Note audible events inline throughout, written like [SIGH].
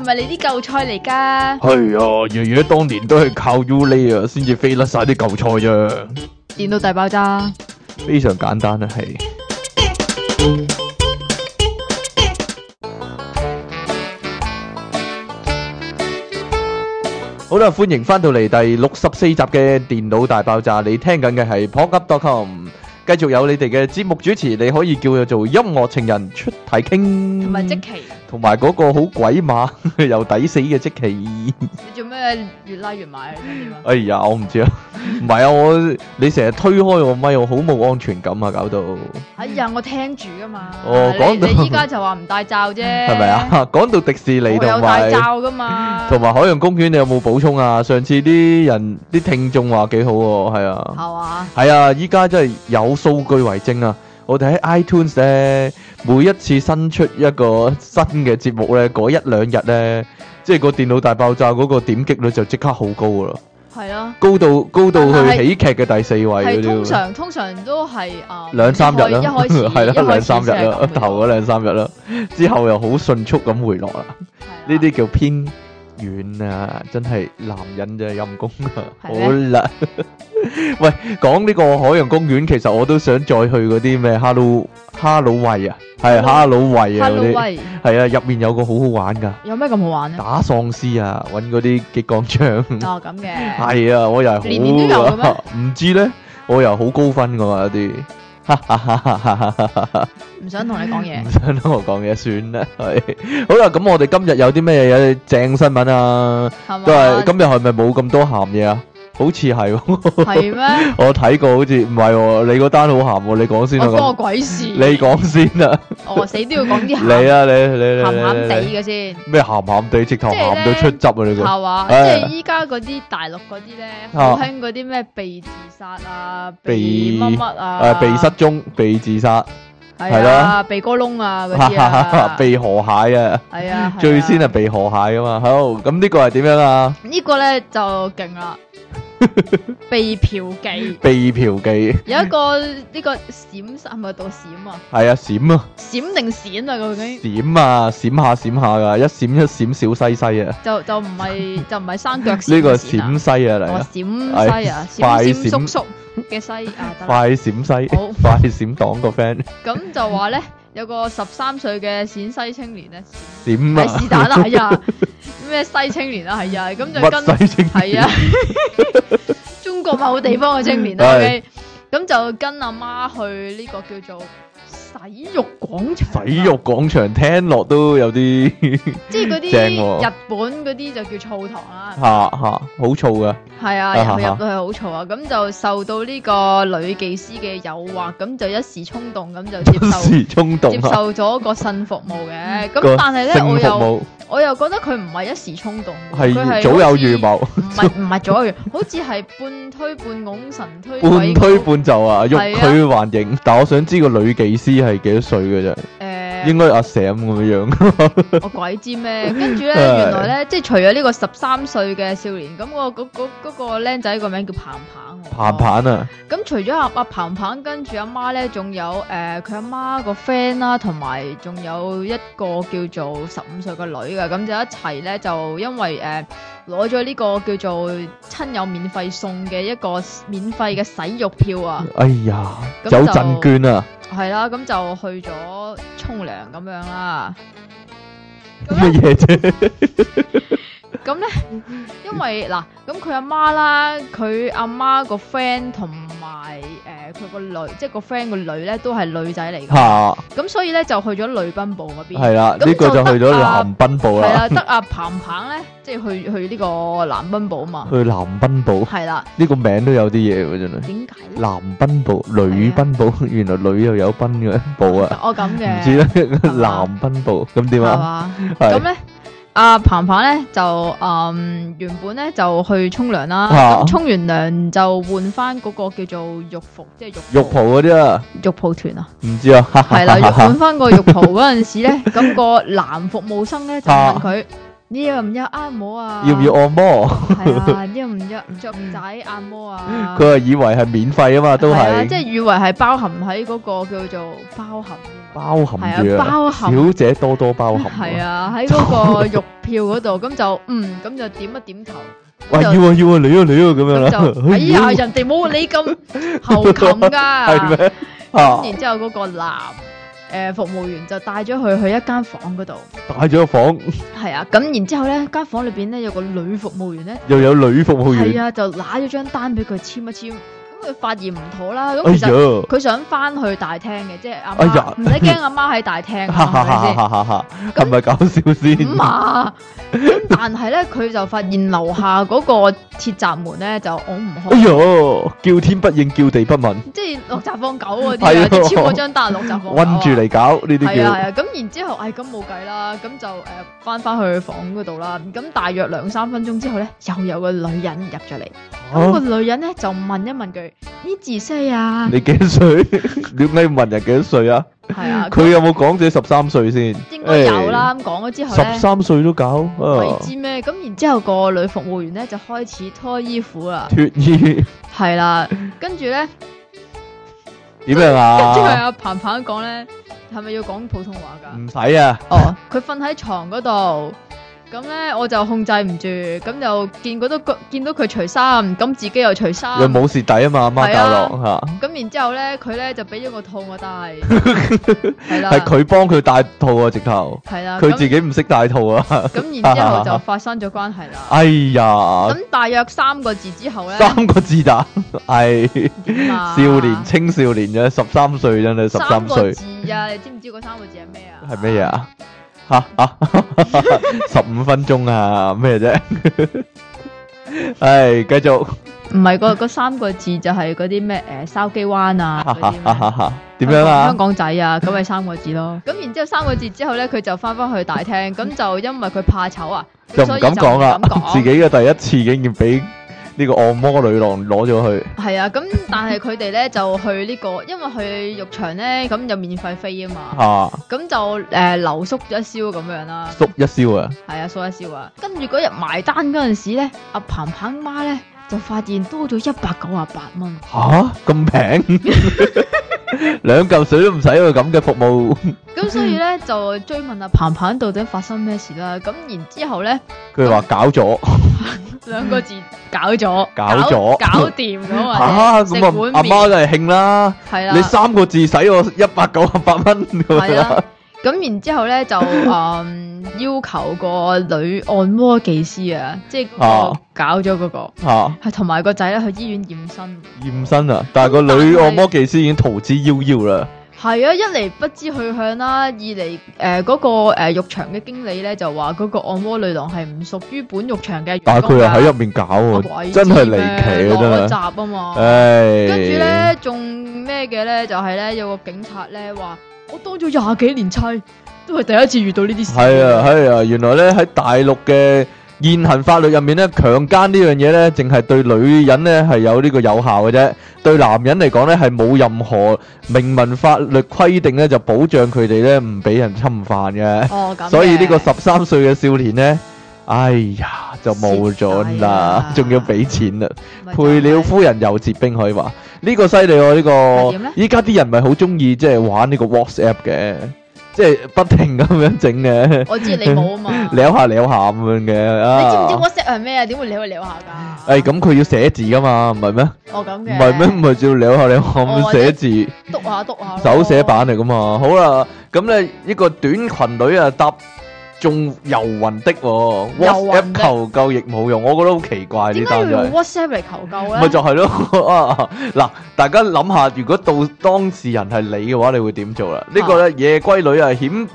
係咪你啲舊菜嚟噶？係啊，爺爺當年都係靠 Uly 啊，先至飛甩晒啲舊菜啫。電腦大爆炸非常簡單啊，係。好啦，歡迎翻到嚟第六十四集嘅電腦大爆炸。你聽緊嘅係 Popup.com，繼續有你哋嘅節目主持，你可以叫佢做音樂情人出體 king。同埋積淇。同埋嗰個好鬼馬又抵死嘅積淇，你做咩越拉越埋啊？哎呀，我唔知啊，唔係啊，我你成日推開我咪，我好冇安全感啊，搞到哎呀，我聽住噶嘛。哦，講到依家就話唔戴罩啫，係咪啊？講到迪士尼同埋戴罩噶嘛，同埋海洋公園你有冇補充啊？上次啲人啲聽眾話幾好喎，係啊，係嘛，係啊，依家真係有數據為證啊！我哋喺 iTunes 咧。每一次新出一個新嘅節目呢，嗰一兩日呢，即係個電腦大爆炸嗰個點擊率就即刻好高噶啦，係啦、啊，高到高到去喜劇嘅第四位嗰啲。通常通常都係啊兩三日啦，一開，係啦，兩、啊、三日啦，頭嗰兩三日啦， [LAUGHS] [LAUGHS] 之後又好迅速咁回落啦。呢啲、啊、叫偏。遠啊，真係男人就陰功啊，好叻！喂，講呢個海洋公園，其實我都想再去嗰啲咩哈囉、哈囉喂啊，係哈囉喂啊嗰啲，係啊，入面有個好好玩噶。有咩咁好玩咧？打喪屍啊，搵嗰啲激光槍。哦，咁嘅。係啊，我又係好。年年都有噶咩？唔知咧，我又好高分噶嘛有啲。哈哈哈！哈哈哈！唔想同你講嘢，唔想同我講嘢，算啦。係 [LAUGHS] 好啦，咁我哋今日有啲咩嘢，有啲正新聞啊？都係 [LAUGHS] 今日係咪冇咁多鹹嘢啊？好似係喎，係咩？我睇過好似唔係喎，你嗰單好鹹喎，你講先。我關我鬼事。你講先啊，我死都要講啲鹹。你啊你你鹹鹹地嘅先。咩鹹鹹地直頭鹹到出汁啊你個。係嘛，即係依家嗰啲大陸嗰啲咧，好興嗰啲咩被自殺啊，被乜啊，誒被失蹤被自殺。係咯，鼻哥窿啊嗰啲啊，鼻河蟹啊。係啊。最先係鼻河蟹啊嘛，好，咁呢個係點樣啊？呢個咧就勁啦。 [LAUGHS] 被嫖妓， [LAUGHS] 被嫖妓，有一個呢、這個閃，係咪到閃啊？係 [LAUGHS] 啊，閃啊，閃定閃啊？究竟？閃啊，閃下閃下噶，一閃一閃小西西啊！就就唔係就唔係山腳？呢 [LAUGHS] 個陝西啊嚟，陝西啊，尖、啊啊、叔叔嘅西，快陝西，快陝西，快閃黨個 friend。咁 [LAUGHS] [LAUGHS] 就話咧。有個十三歲嘅陝西青年咧，點啊？係是但啦，係啊，咩西青年啦，係啊，咁就跟係啊，西青是呀 [LAUGHS] 中國某地方嘅青年啦，OK，咁就跟阿媽去呢個叫做。洗浴廣場，洗浴廣場聽落都有啲，即係嗰啲日本嗰啲就叫澡堂啦，吓吓，好嘈噶，係啊，入入到去好嘈啊，咁就受到呢個女技師嘅誘惑，咁就一時衝動咁就一時衝動接受咗個性服務嘅。咁但係咧我又我又覺得佢唔係一時衝動，係早有預謀，唔係唔係早有預謀，好似係半推半拱，神推半推半就啊，欲拒還迎，但係我想知個女技師係幾多歲嘅啫？誒、呃，應該阿醒咁樣樣。 [LAUGHS] 我鬼知咩？跟住咧，原來咧，即係唉除咗呢個十三歲嘅少年，咁、嗰個嗰嗰、嗰個僆仔、個名叫鵬鵬。鵬鵬啊！咁除咗阿阿鵬鵬、跟住阿媽咧，仲有誒，佢、呃、阿媽個 friend 啦，同埋仲有一個叫做十五歲嘅女嘅，咁就一齊咧，就因為誒。呃攞咗呢個叫做親友免費送嘅一個免費嘅洗浴票啊！哎呀，就有贈券啊！係啦、啊，咁就去咗沖涼咁樣啦、啊。乜嘢啫？ [LAUGHS] [LAUGHS] 咁咧，因為嗱，咁佢阿媽啦，佢阿媽個 friend 同埋誒，佢個女，即係個 friend 個女咧，都係女仔嚟嘅。吓咁所以咧，就去咗女賓部嗰邊。係啦，呢個就去咗男賓部啦。係啊，得阿鵬鵬咧，即係去去呢個男賓部啊嘛。去男賓部。係啦，呢個名都有啲嘢喎，真係。點解？男賓部、女賓部，原來女又有賓嘅部啊。哦，咁嘅。唔知咧，男賓部咁點啊？咁咧？阿、啊、彭彭咧就嗯原本咧就去沖涼啦，沖、啊嗯、完涼就換翻嗰個叫做浴袍，即、就、係、是、浴袍嗰啲啊，浴袍團啊，唔知啊，係啦，換翻個浴袍嗰陣時咧，咁 [LAUGHS] 個男服務生咧就問佢、啊、你要唔要啊，按摩啊，要唔要按摩？要唔要雀仔按摩啊，佢係以為係免費啊嘛，都係即係以為係包含喺嗰個叫做包含。包含住啊！係啊，包含，小姐多多包含。係啊，喺嗰個肉票嗰度，咁就嗯，咁就點一點頭。喂，要啊要啊，屌屌咁樣啦。哎呀，人哋冇你咁猴擒噶。係咩？啊！咁然之後嗰個男誒服務員就帶咗佢去一間房嗰度，帶咗個房。係啊，咁然之後咧，間房裏邊咧有個女服務員咧，又有女服務員。係啊，就拿咗張單俾佢簽一簽。佢發現唔妥啦，咁其實佢想翻去大廳嘅，即係阿媽，唔使驚阿媽喺大廳，係咪先？咁咪搞笑先。咁啊，但係咧佢就發現樓下嗰個鐵閘門咧就開唔開，哎呀，叫天不應，叫地不聞。即係落閘放狗嗰啲啊，即係簽嗰張單落閘放。韞住嚟搞呢啲叫。係啊，咁然之後，哎，咁冇計啦，咁就誒翻翻去房嗰度啦。咁大約兩三分鐘之後咧，又有個女人入咗嚟。嗰個女人咧就問一問佢。啲知識啊！你幾歲？ [LAUGHS] 你問人幾歲啊？係啊，佢、就是、有冇講自己十三歲先？應該有啦。咁講咗之後，十三歲都搞，你、啊、知咩？咁然之後個女服務員咧就開始脫衣服啦，脫衣係啦。跟住咧點樣啊？跟住阿、啊就是啊、彭鵬講咧，係咪要講普通話㗎？唔使啊。哦，佢瞓喺床嗰度。 [LAUGHS] 咁咧我就控制唔住，咁就見佢都見到佢除衫，咁自己又除衫，又冇蝕底啊嘛，阿媽教落嚇。咁、啊啊、然之後咧，佢咧就俾咗個套我戴，係啦、 [LAUGHS] 啊，係佢幫佢戴套啊直頭，係啦，佢自己唔識戴套啊。咁、啊啊啊、然之後就發生咗關係啦、啊啊啊。哎呀，咁大約三個字之後咧，三個字打、啊。係、 [LAUGHS] 哎啊、少年青少年嘅，十三歲啫，你十三歲。歲三個字啊，你知唔知嗰三個字係咩啊？係咩啊？吓吓，十五分鐘啊，咩啫？唉，繼續。唔係個個三個字就係嗰啲咩誒，筲箕灣啊，點樣啊？香港仔啊，咁咪三個字咯。咁然之後三個字之後咧，佢就翻翻去大廳，咁就因為佢怕醜啊，就唔敢講啊，自己嘅第一次竟然俾。呢個按摩女郎攞咗去，係 [LAUGHS] 啊，咁但係佢哋咧就去呢、這個，因為去浴場咧咁就免費飛啊嘛，咁、啊、就誒留宿咗一宵咁樣啦，宿一宵啊，係啊宿一宵啊，跟住嗰日埋單嗰陣時咧，阿彭彭媽咧就發現多咗一百九十八蚊，吓？咁平？兩嚿 [LAUGHS] 水都唔使喎，咁嘅服務。咁 [LAUGHS] 所以咧就追問阿、啊、彭彭到底發生咩事啦。咁然之後咧，佢話搞咗兩、嗯、 [LAUGHS] 個字搞搞了搞，搞咗搞咗搞掂咗。吓？咁啊，哈啊，阿媽真係慶啦。係啦、啊，你三個字使我一百九十八蚊。係啊。 [LAUGHS] 咁然之後咧就誒、 [LAUGHS] 嗯、要求個女按摩技師啊，即係搞咗嗰、嗰個，係同埋個仔咧去醫院驗身。驗身啊！但係個女按摩技師已經逃之夭夭啦。係啊是，一嚟不知去向啦，二嚟誒嗰個誒、呃、浴場嘅經理咧就話嗰個按摩女郎係唔屬於本浴場嘅。但係佢又喺入面搞啊，真係離奇集啊，真係、哎。嗰集啊嘛，跟住咧仲咩嘅咧就係、是、咧有個警察咧話。我當咗廿幾年差，都係第一次遇到呢啲事。係啊係啊，原來咧喺大陸嘅現行法律入面咧，強奸呢樣嘢咧，淨係對女人咧係有呢個有效嘅啫，對男人嚟講咧係冇任何明文法律規定咧就保障佢哋咧唔俾人侵犯嘅。哦，所以呢個十三歲嘅少年咧，哎呀就冇咗啦，仲要俾錢啦，賠了夫人又折兵可以話。呢個犀利哦，呢個，依家啲人咪好中意即係玩呢個 WhatsApp 嘅，即係不停咁樣整嘅。我知你冇啊嘛，撩下撩下咁樣嘅。你知唔知 WhatsApp 係咩啊？點會撩下撩下噶？誒，咁佢要寫字噶嘛，唔係咩？哦，咁嘅。唔係咩？唔係就撩下撩下咁寫字。督下督下。手寫版嚟噶嘛？好啦，咁咧一個短裙女啊搭。仲遊魂的 WhatsApp 求救亦冇用，我覺得好奇怪啲單車。點解要用 WhatsApp 嚟求救咧？咪就係咯，嗱，大家諗下，如果到當事人係你嘅話，你會點做啦？呢個咧夜歸女啊，險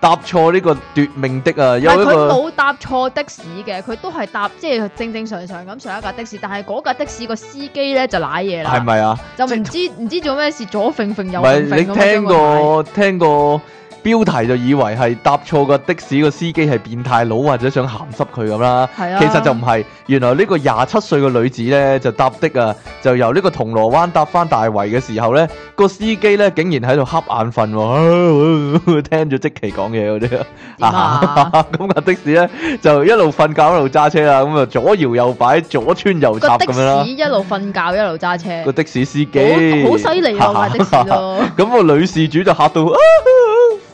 搭錯呢個奪命的啊！有呢個。因為佢冇搭錯的士嘅，佢都係搭即係正正常常咁上一架的士，但係嗰架的士個司機咧就賴嘢啦。係咪啊？就唔知唔知做咩事，左揈揈右揈揈咁樣。唔係你聽過聽過？標題就以為係搭錯個的士，個司機係變態佬或者想鹹濕佢咁啦，啊、其實就唔係。原來呢個廿七歲個女子咧就搭的啊，就由呢個銅鑼灣搭翻大圍嘅時候咧，個司機咧竟然喺度瞌眼瞓，哦，聽咗即其講嘢嗰啲啊。咁個、 [LAUGHS] 嗯、的士咧就一路瞓覺一路揸車啦，咁啊左搖右擺，左穿右插咁樣啦。一路瞓覺一路揸車個 [LAUGHS] 的士司機好犀利啊！的士咁個女事主就嚇到。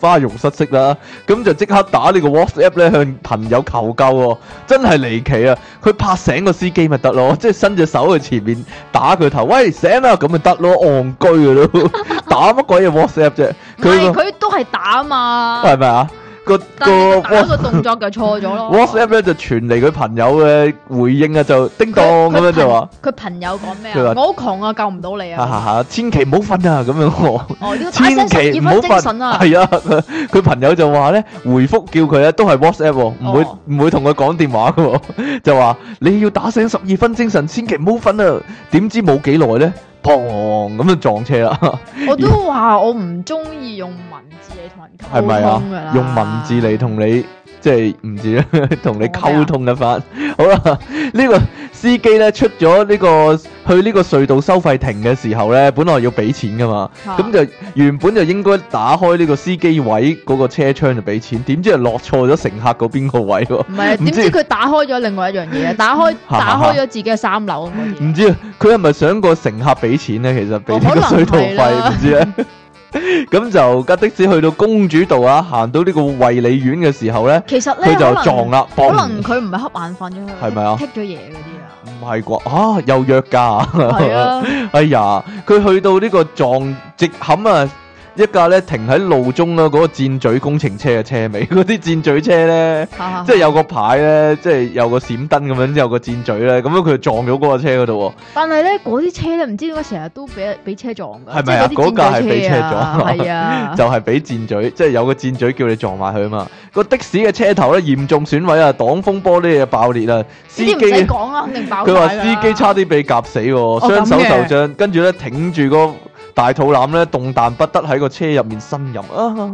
花容失色啦，咁就即刻打個呢個 WhatsApp 咧向朋友求救喎。哦，真係離奇啊！佢拍醒個司機咪得咯，即係伸隻手去前面打佢頭，喂醒啦，咁咪得咯，戇居噶咯，打乜鬼嘢 WhatsApp 啫？唔係佢都係打啊嘛，係咪啊？個個個動作就錯咗咯。WhatsApp 咧就傳嚟佢朋友嘅回應啊，就叮當咁樣就話佢朋友講咩啊？我好窮啊，救唔到你啊！千祈唔好瞓啊！咁樣哦，千祈十二分精神啊！係啊，佢朋友就話咧回覆叫佢啊，都係 WhatsApp 唔會唔會同佢講電話噶，就話你要打醒十二分精神，千祈唔好瞓啊！點知冇幾耐咧？撲戇咁就撞車啦！ [LAUGHS] 我都話我唔中意用文字嚟同人溝通係咪啊？用文字嚟同你。即係唔知啦，同你溝通一番。麼 [LAUGHS] 好啦，呢、這個司機咧出咗呢、這個去呢個隧道收費亭嘅時候咧，本來要俾錢噶嘛，咁、啊、就原本就應該打開呢個司機位嗰個車窗就俾錢，點知落錯咗乘客嗰邊個位喎、啊？唔係是，點知佢打開咗另外一樣嘢， [LAUGHS] 打開打開咗自己嘅三樓。唔知啊，佢係咪想個乘客俾錢咧？其實俾呢個隧道費，唔知。 [LAUGHS] 咁 [LAUGHS] 就架的士去到公主道啊，行到呢個衛理院嘅時候咧，其實咧佢就撞啦，可能佢唔係瞌眼瞓啫，係咪啊？食咗嘢嗰啲啊？唔係啩？啊，又弱噶，係 [LAUGHS] [LAUGHS] 啊！哎呀，佢去到呢個撞直冚啊！一架咧停喺路中咯，嗰、嗰個箭嘴工程車嘅車尾，嗰啲箭嘴車咧，啊、即係有個牌咧，啊、即係有個閃燈咁樣，有個箭嘴咧，咁樣佢撞咗嗰個車嗰度。但係咧，嗰啲車咧，唔知點解成日都俾俾車撞嘅。係咪啊？嗰架係被車撞，係啊，車撞就係俾箭嘴，即係有個箭嘴叫你撞埋佢啊嘛。個的士嘅車頭咧嚴重損毀啊，擋風玻璃啊爆裂啊， [LAUGHS] 司機講啊，佢話司機差啲被夾死，雙、哦、手受傷，跟住咧挺住個。大肚腩咧動彈不得喺個車入面呻吟啊！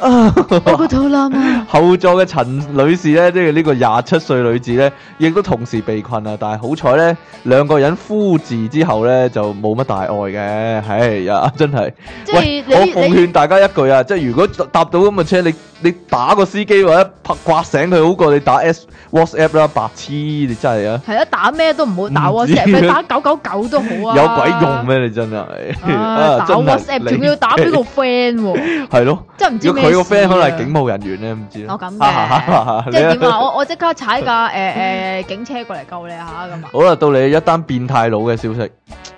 啊！個肚腩，後座嘅陳女士咧，即係呢個廿七歲女子咧，亦都同時被困啊！但係好彩咧，兩個人呼字之後咧，就冇乜大礙嘅。係啊，真係。即係我奉勸大家一句啊，即係如果搭到咁嘅車，你你打個司機或者拍刮醒佢，好過你打 S WhatsApp 啦，白痴！你真係啊。係啊，打咩都唔好打 WhatsApp，你打九九九都好啊。有鬼用咩？你真係啊！打 WhatsApp 仲要打俾個 friend 喎。係咯。真係唔知咩。佢個 friend 可能係警務人員咧，唔知啊。我咁嘅，即係點啊？我我即刻踩架誒誒警車過嚟救你吓咁啊！好啦，到你一單變態佬嘅消息。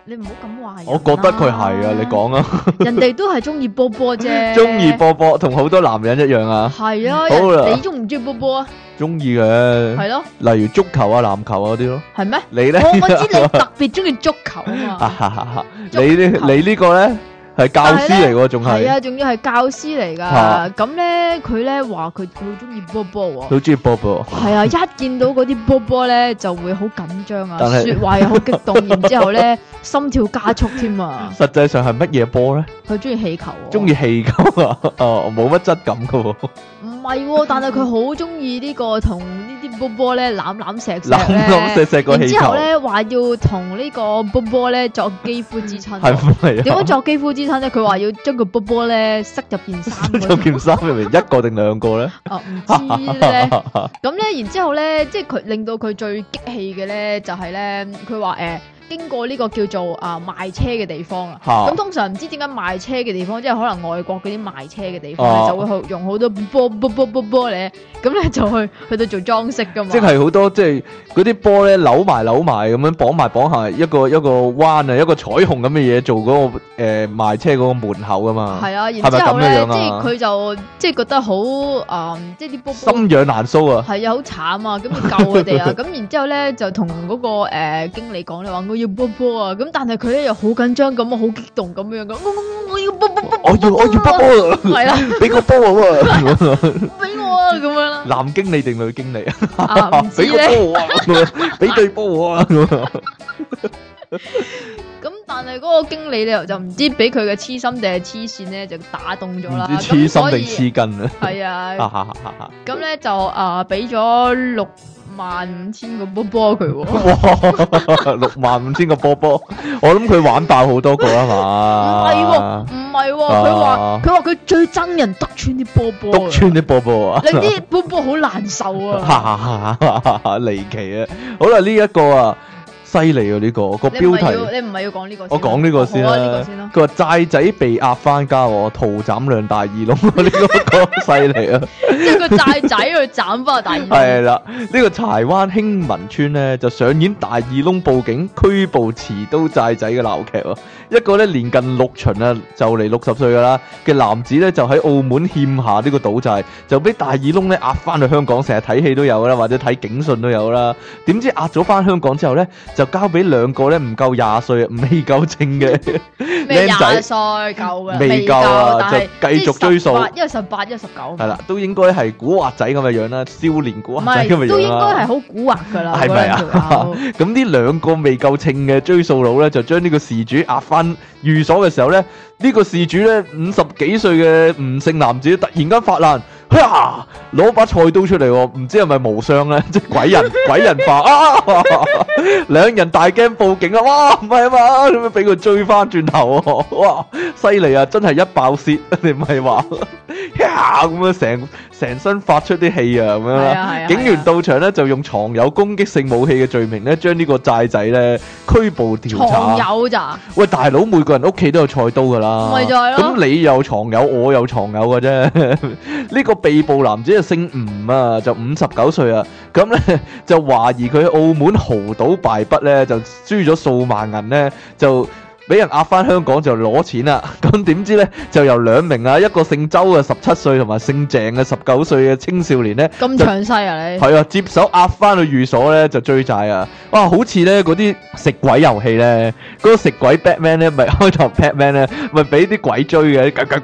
你唔好咁話。我覺得佢係啊，你講啊。人哋都係中意波波啫。中意波波，同好多男人一樣啊。係啊。好啦。你中唔中意波波啊？中意嘅。係咯。例如足球啊、籃球啊嗰啲咯。係咩？你咧？我我知你特別中意足球啊。哈哈哈！你呢？你呢個咧？係教師嚟㗎。仲係係啊，仲要係教師嚟㗎。咁咧、啊，佢咧話佢好中意波波啊，好中意波波。係啊，一見到嗰啲波波咧，就會好緊張啊，但是說話又好激動，然 [LAUGHS] 之後咧心跳加速添啊。實際上係乜嘢波咧？佢中意氣球。中意氣球、 [LAUGHS] 哦、的的 [LAUGHS] 啊？哦，冇乜質感㗎喎。唔係，但係佢好中意呢個同。波波咧攬攬石石咧，抱抱石石氣，然之後咧話要同呢個波波咧作肌膚之親，係唔係？點樣作肌膚之親咧？佢話要將個波波咧塞入件衫， [LAUGHS] 三個件衫入邊一個定兩個咧？哦唔、啊、知咧，咁咧， [LAUGHS] 然之後咧，即係佢令到佢最激氣嘅咧，就係、是、咧，佢話誒。呃經過呢個叫做啊、呃、賣車嘅地方啊，咁通常唔知點解賣車嘅地方，即係、啊就是、可能外國嗰啲賣車嘅地方，啊、就會用好多波波波波波咧，咁咧就去去到做裝飾噶嘛。即係好多即係嗰啲波咧扭埋扭埋咁樣綁埋綁下一個彎，一個彎啊一,一個彩虹咁嘅嘢做嗰個誒、呃、賣車嗰個門口噶嘛。係啊，然之後咧即係佢就即係覺得好、嗯就是、啊，即係啲波心癢難搔啊。係啊，好慘啊，咁救佢哋啊，咁然之後咧就同嗰個誒經理講咧話要波波啊！咁但係佢咧又好緊張咁啊，好激動咁樣噶，我要波波，波，波我要我要波波 [LAUGHS] 啊！係啊！俾個波我啊！俾我啊！咁樣啦。男經理定女經理 [LAUGHS] 啊？俾個波我啊！俾對波我啊！咁但係嗰個經理咧就唔知俾佢嘅痴心定係痴線咧就打動咗啦。唔知痴心定痴根 [LAUGHS] 啊？係、嗯、啊。咁咧就啊俾咗六。呃萬五千個波波佢、啊，哦、哇， [LAUGHS] 六萬五千個波波， [LAUGHS] 我諗佢玩爆好多個啦嘛，唔係喎，唔係喎，佢話佢話佢最憎人督穿啲波波，督穿啲波波啊，你啲波波好、啊、 [LAUGHS] 難受啊，哈哈，離奇啊， [LAUGHS] 好啦呢一個啊。犀利啊，這個！呢個個標題你唔係要講呢個先，我講呢個先啦，啊。佢話債仔被壓翻家我，斬兩大 [LAUGHS] 個我屠斬兩大耳窿。呢個個犀利啊！ [LAUGHS] [LAUGHS] [LAUGHS] 即係個債仔去斬翻這個大耳窿。係啦，呢個柴灣興文村咧就上演大耳窿報警拘捕持刀債仔嘅鬧劇啊。一個咧年近六旬啊，就嚟六十歲噶啦嘅男子咧，就喺澳門欠下呢個賭債，就俾大耳窿咧壓翻去香港，成日睇戲都有啦，或者睇警訊都有啦。點知壓咗翻香港之後咧，就交俾兩個咧唔夠廿歲，唔係夠稱嘅僆仔，廿歲夠嘅，未夠，但係繼續追數，一十八、一十九，係啦，都應該係古惑仔咁嘅樣啦，少年古惑仔咁嘅樣啦，都應該係好古惑噶啦，係咪啊？咁呢兩個未夠稱嘅追數佬咧，就將呢個事主壓翻寓所嘅時候咧，呢、這個事主咧，五十幾歲嘅吳姓男子突然間發難。攞把菜刀出嚟，唔知係咪無雙咧？即係 [LAUGHS] 鬼人鬼人化啊！兩 [LAUGHS] 人大驚報警啊！哇，唔係啊嘛，點解俾佢追翻轉頭啊？哇，犀利啊！真係一爆泄，你唔係話一下咁啊，成成身發出啲氣啊咁樣、啊、警員到場咧，啊啊、就用藏有攻擊性武器嘅罪名咧，將呢個債仔咧拘捕調查。藏有咋？喂，大佬，每個人屋企都有菜刀噶啦，咁你又藏有，我又藏有噶啫，呢、 [LAUGHS] 這個。被捕男子就姓吳啊，就五十九歲啊，咁咧就懷疑佢喺澳門豪賭敗筆咧，就輸咗數萬銀咧就。俾人押翻香港就攞錢啦，咁點知咧就由兩名啊一個姓周嘅十七歲同埋姓鄭嘅十九歲嘅青少年咧，咁詳細啊你係啊接手押翻去寓所咧就追債啊，哇好似咧嗰啲食鬼遊戲咧，嗰個食鬼 Batman 咧咪開頭 Batman 咧咪俾啲鬼追嘅，跟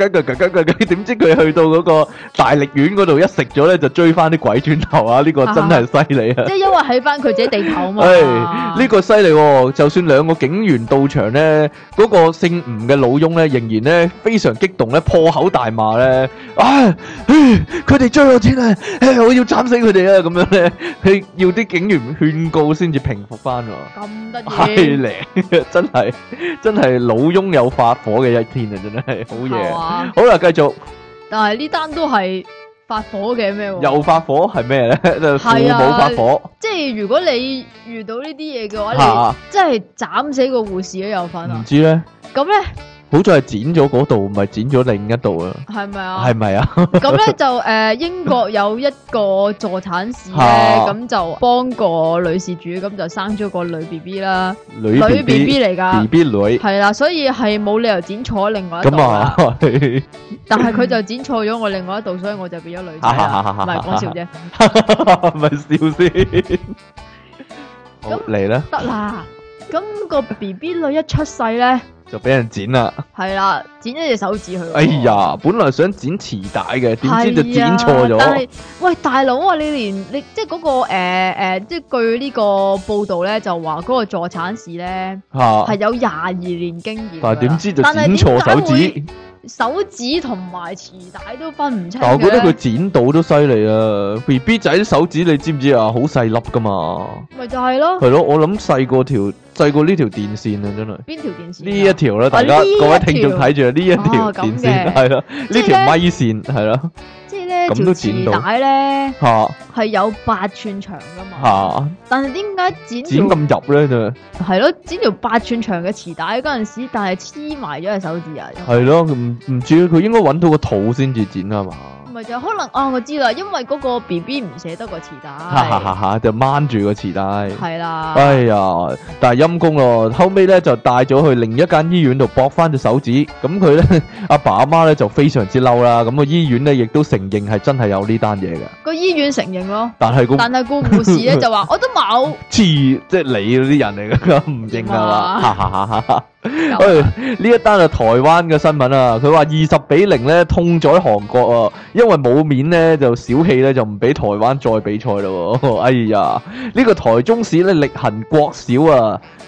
點知佢去到嗰個大力丸嗰度一食咗咧就追翻啲鬼轉頭啊，呢個真係犀利啊！即係因為喺翻佢自己地頭啊嘛，係呢個犀利喎，就算兩個警員到場咧。嗰個姓吳嘅老翁咧，仍然咧非常激動咧，破口大罵咧，啊，佢哋追我先啊，我要斬死佢哋啊，咁樣咧，要啲警員勸告先至平復翻。咁得意係咧，真係真係老翁有發火嘅一天啊，真係好嘢。好啦，繼續。但係呢單都係。發火嘅咩？又發火係咩咧？ [LAUGHS] 係啊，冇發火，啊、即係如果你遇到呢啲嘢嘅話，你真係斬死個護士都有份啊！唔知咧，咁咧。好在係剪咗嗰度，唔係剪咗另一度啊？係咪啊？係咪啊？咁咧就誒，英國有一個助產士咧，咁就幫個女事主，咁就生咗個女 B B 啦，女 B B 嚟噶，B B 女係啦，所以係冇理由剪錯另外一度啦。但係佢就剪錯咗我另外一度，所以我就變咗女仔啦，唔係講笑啫，咪笑先。咁嚟啦，得啦，咁個 B B 女一出世咧。就俾人剪啦，係啦，剪咗隻手指去、那個。哎呀，本來想剪臍帶嘅，點知就剪錯咗、啊。但係，喂，大佬啊，你連你即係嗰個誒誒，即係、那個呃、據呢個報道咧，就話嗰個助產士咧，係、啊、有廿二年經驗。但係點知就剪錯手指，手指同埋臍帶都分唔清。但我覺得佢剪到都犀利啊！BB 仔啲手指你知唔知啊？好細粒噶嘛，咪就係咯。係咯，我諗細過條。細過呢條電線啊，真係。邊條電線？呢一條啦，大家各位聽眾睇住呢一條電線係咯，呢條咪線係咯。即係咧，條磁帶咧吓，係有八寸長噶嘛。吓，但係點解剪剪咁入咧？就係咯，剪條八寸長嘅磁帶嗰陣時，但係黐埋咗隻手指啊。係咯，唔唔知佢應該揾到個肚先至剪啦嘛。可能啊、哦，我知啦，因為嗰個 B B 唔捨得個磁帶， [LAUGHS] 就掹住個磁帶，係啦，哎呀，但係陰公咯，後尾咧就帶咗去另一間醫院度搏翻隻手指，咁佢咧阿爸阿媽咧就非常之嬲啦，咁個醫院咧亦都承認係真係有呢單嘢嘅，個醫院承認咯，但係個但係個護士咧就話我都冇，似即係你嗰啲人嚟噶，唔 [LAUGHS] 不認噶啦媽，哈哈哈。誒，呢 [LAUGHS] 一單係台灣嘅新聞啊，佢話二十比零咧痛宰韓國啊，因為冇面咧就小氣咧就唔俾台灣再比賽咯，哦，哎呀，呢、這個台中市咧力行國小啊。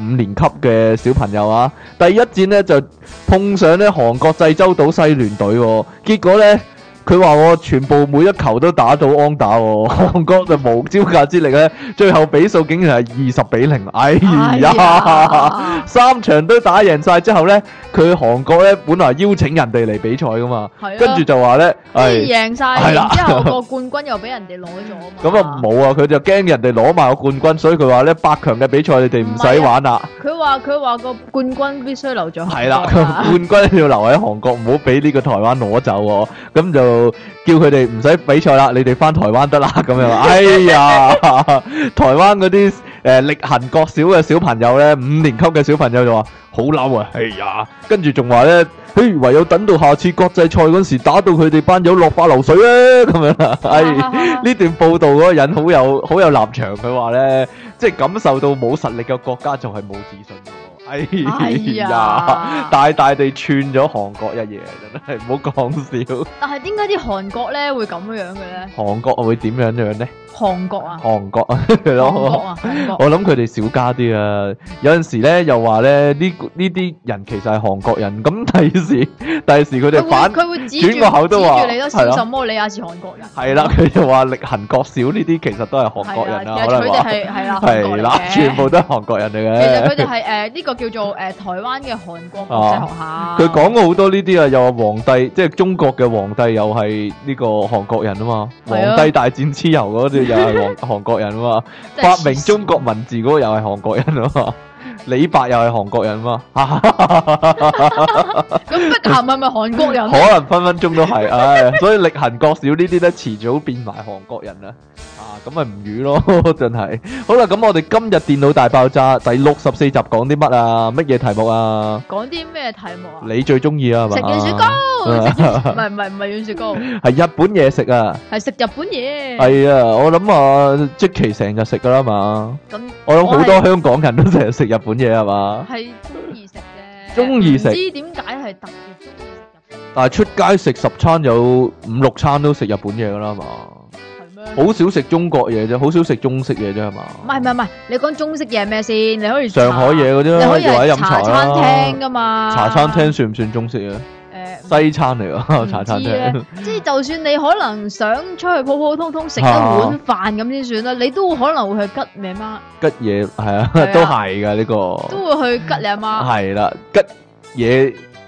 五年級嘅小朋友啊，第一戰呢就碰上咧韓國濟州島西聯隊啊，結果呢。佢話我全部每一球都打到安打，韓國就無招架之力咧。最後比數竟然係二十比零，哎呀！三場都打贏晒之後咧，佢韓國咧本來邀請人哋嚟比賽噶嘛，跟住就話咧係贏晒，係啦，之後個冠軍又俾人哋攞咗。咁啊冇啊，佢就驚人哋攞埋個冠軍，所以佢話咧八強嘅比賽你哋唔使玩啦。佢話佢話個冠軍必須留咗，係啦，冠軍要留喺韓國，唔好俾呢個台灣攞走。咁就。就叫佢哋唔使比賽啦，你哋翻台灣得啦咁樣。哎呀，台灣嗰啲誒力行國小嘅小朋友咧，五年級嘅小朋友就話好嬲啊！哎呀，跟住仲話咧，嘿唯有等到下次國際賽嗰時打到佢哋班友落花流水啊咁樣啦。哎，呢段報道嗰個人好有好有立場，佢話咧，即係感受到冇實力嘅國家就係冇自信。哎呀， [LAUGHS] 大大地串咗韓國一夜，真係唔好講笑。但係點解啲韓國咧會咁樣嘅咧？韓國會點樣樣咧？韓國啊！韓國啊，我諗佢哋少加啲啊！有陣時咧又話咧呢呢啲人其實係韓國人咁，第時第時佢哋反佢會轉個口都話你都是什麼，你也是韓國人。係啦，佢就話力行國少呢啲其實都係韓國人啊！佢哋係係啦，全部都係韓國人嚟嘅。其實佢哋係誒呢個叫做誒、呃、台灣嘅韓國國際學校。佢講過好多呢啲啊，又話皇帝即係中國嘅皇帝又係呢個韓國人啊嘛，啊皇帝大戰蚩尤嗰啲。 [LAUGHS] 又係韓韓國人啊嘛，發明中國文字嗰個又係韓國人啊嘛，李白又係韓國人嘛，咁碧咸係咪韓國人、？ [LAUGHS] [LAUGHS] 嗯？可能分分鐘都係、 [LAUGHS] 哎，所以力行國小呢啲咧，遲早變埋韓國人啊。咁咪唔語咯，真係。好啦，咁我哋今日電腦大爆炸第六十四集講啲乜啊？乜嘢題目啊？講啲咩題目啊？你最中意啊？係嘛？食軟雪糕，唔係唔係唔係軟雪糕，係日本嘢食啊！係食日本嘢。係啊，我諗啊，即期成日食噶啦嘛。咁我諗好多香港人都成日食日本嘢係嘛？係中意食嘅。中意食。知點解係特別中意食？但係出街食十餐有五六餐都食日本嘢噶啦嘛？好少食中國嘢啫，好少食中式嘢啫，係嘛？唔係唔係唔係，你講中式嘢咩先？你可以上海嘢嗰啲咯，可以做下飲茶餐廳噶嘛？茶餐廳算唔算中式嘅？誒，西餐嚟噶茶餐廳。即係就算你可能想出去普普通通食一碗飯咁先算啦，你都可能會去吉你阿媽。吉嘢係啊，都係噶呢個。都會去吉你阿媽。係啦，吉嘢。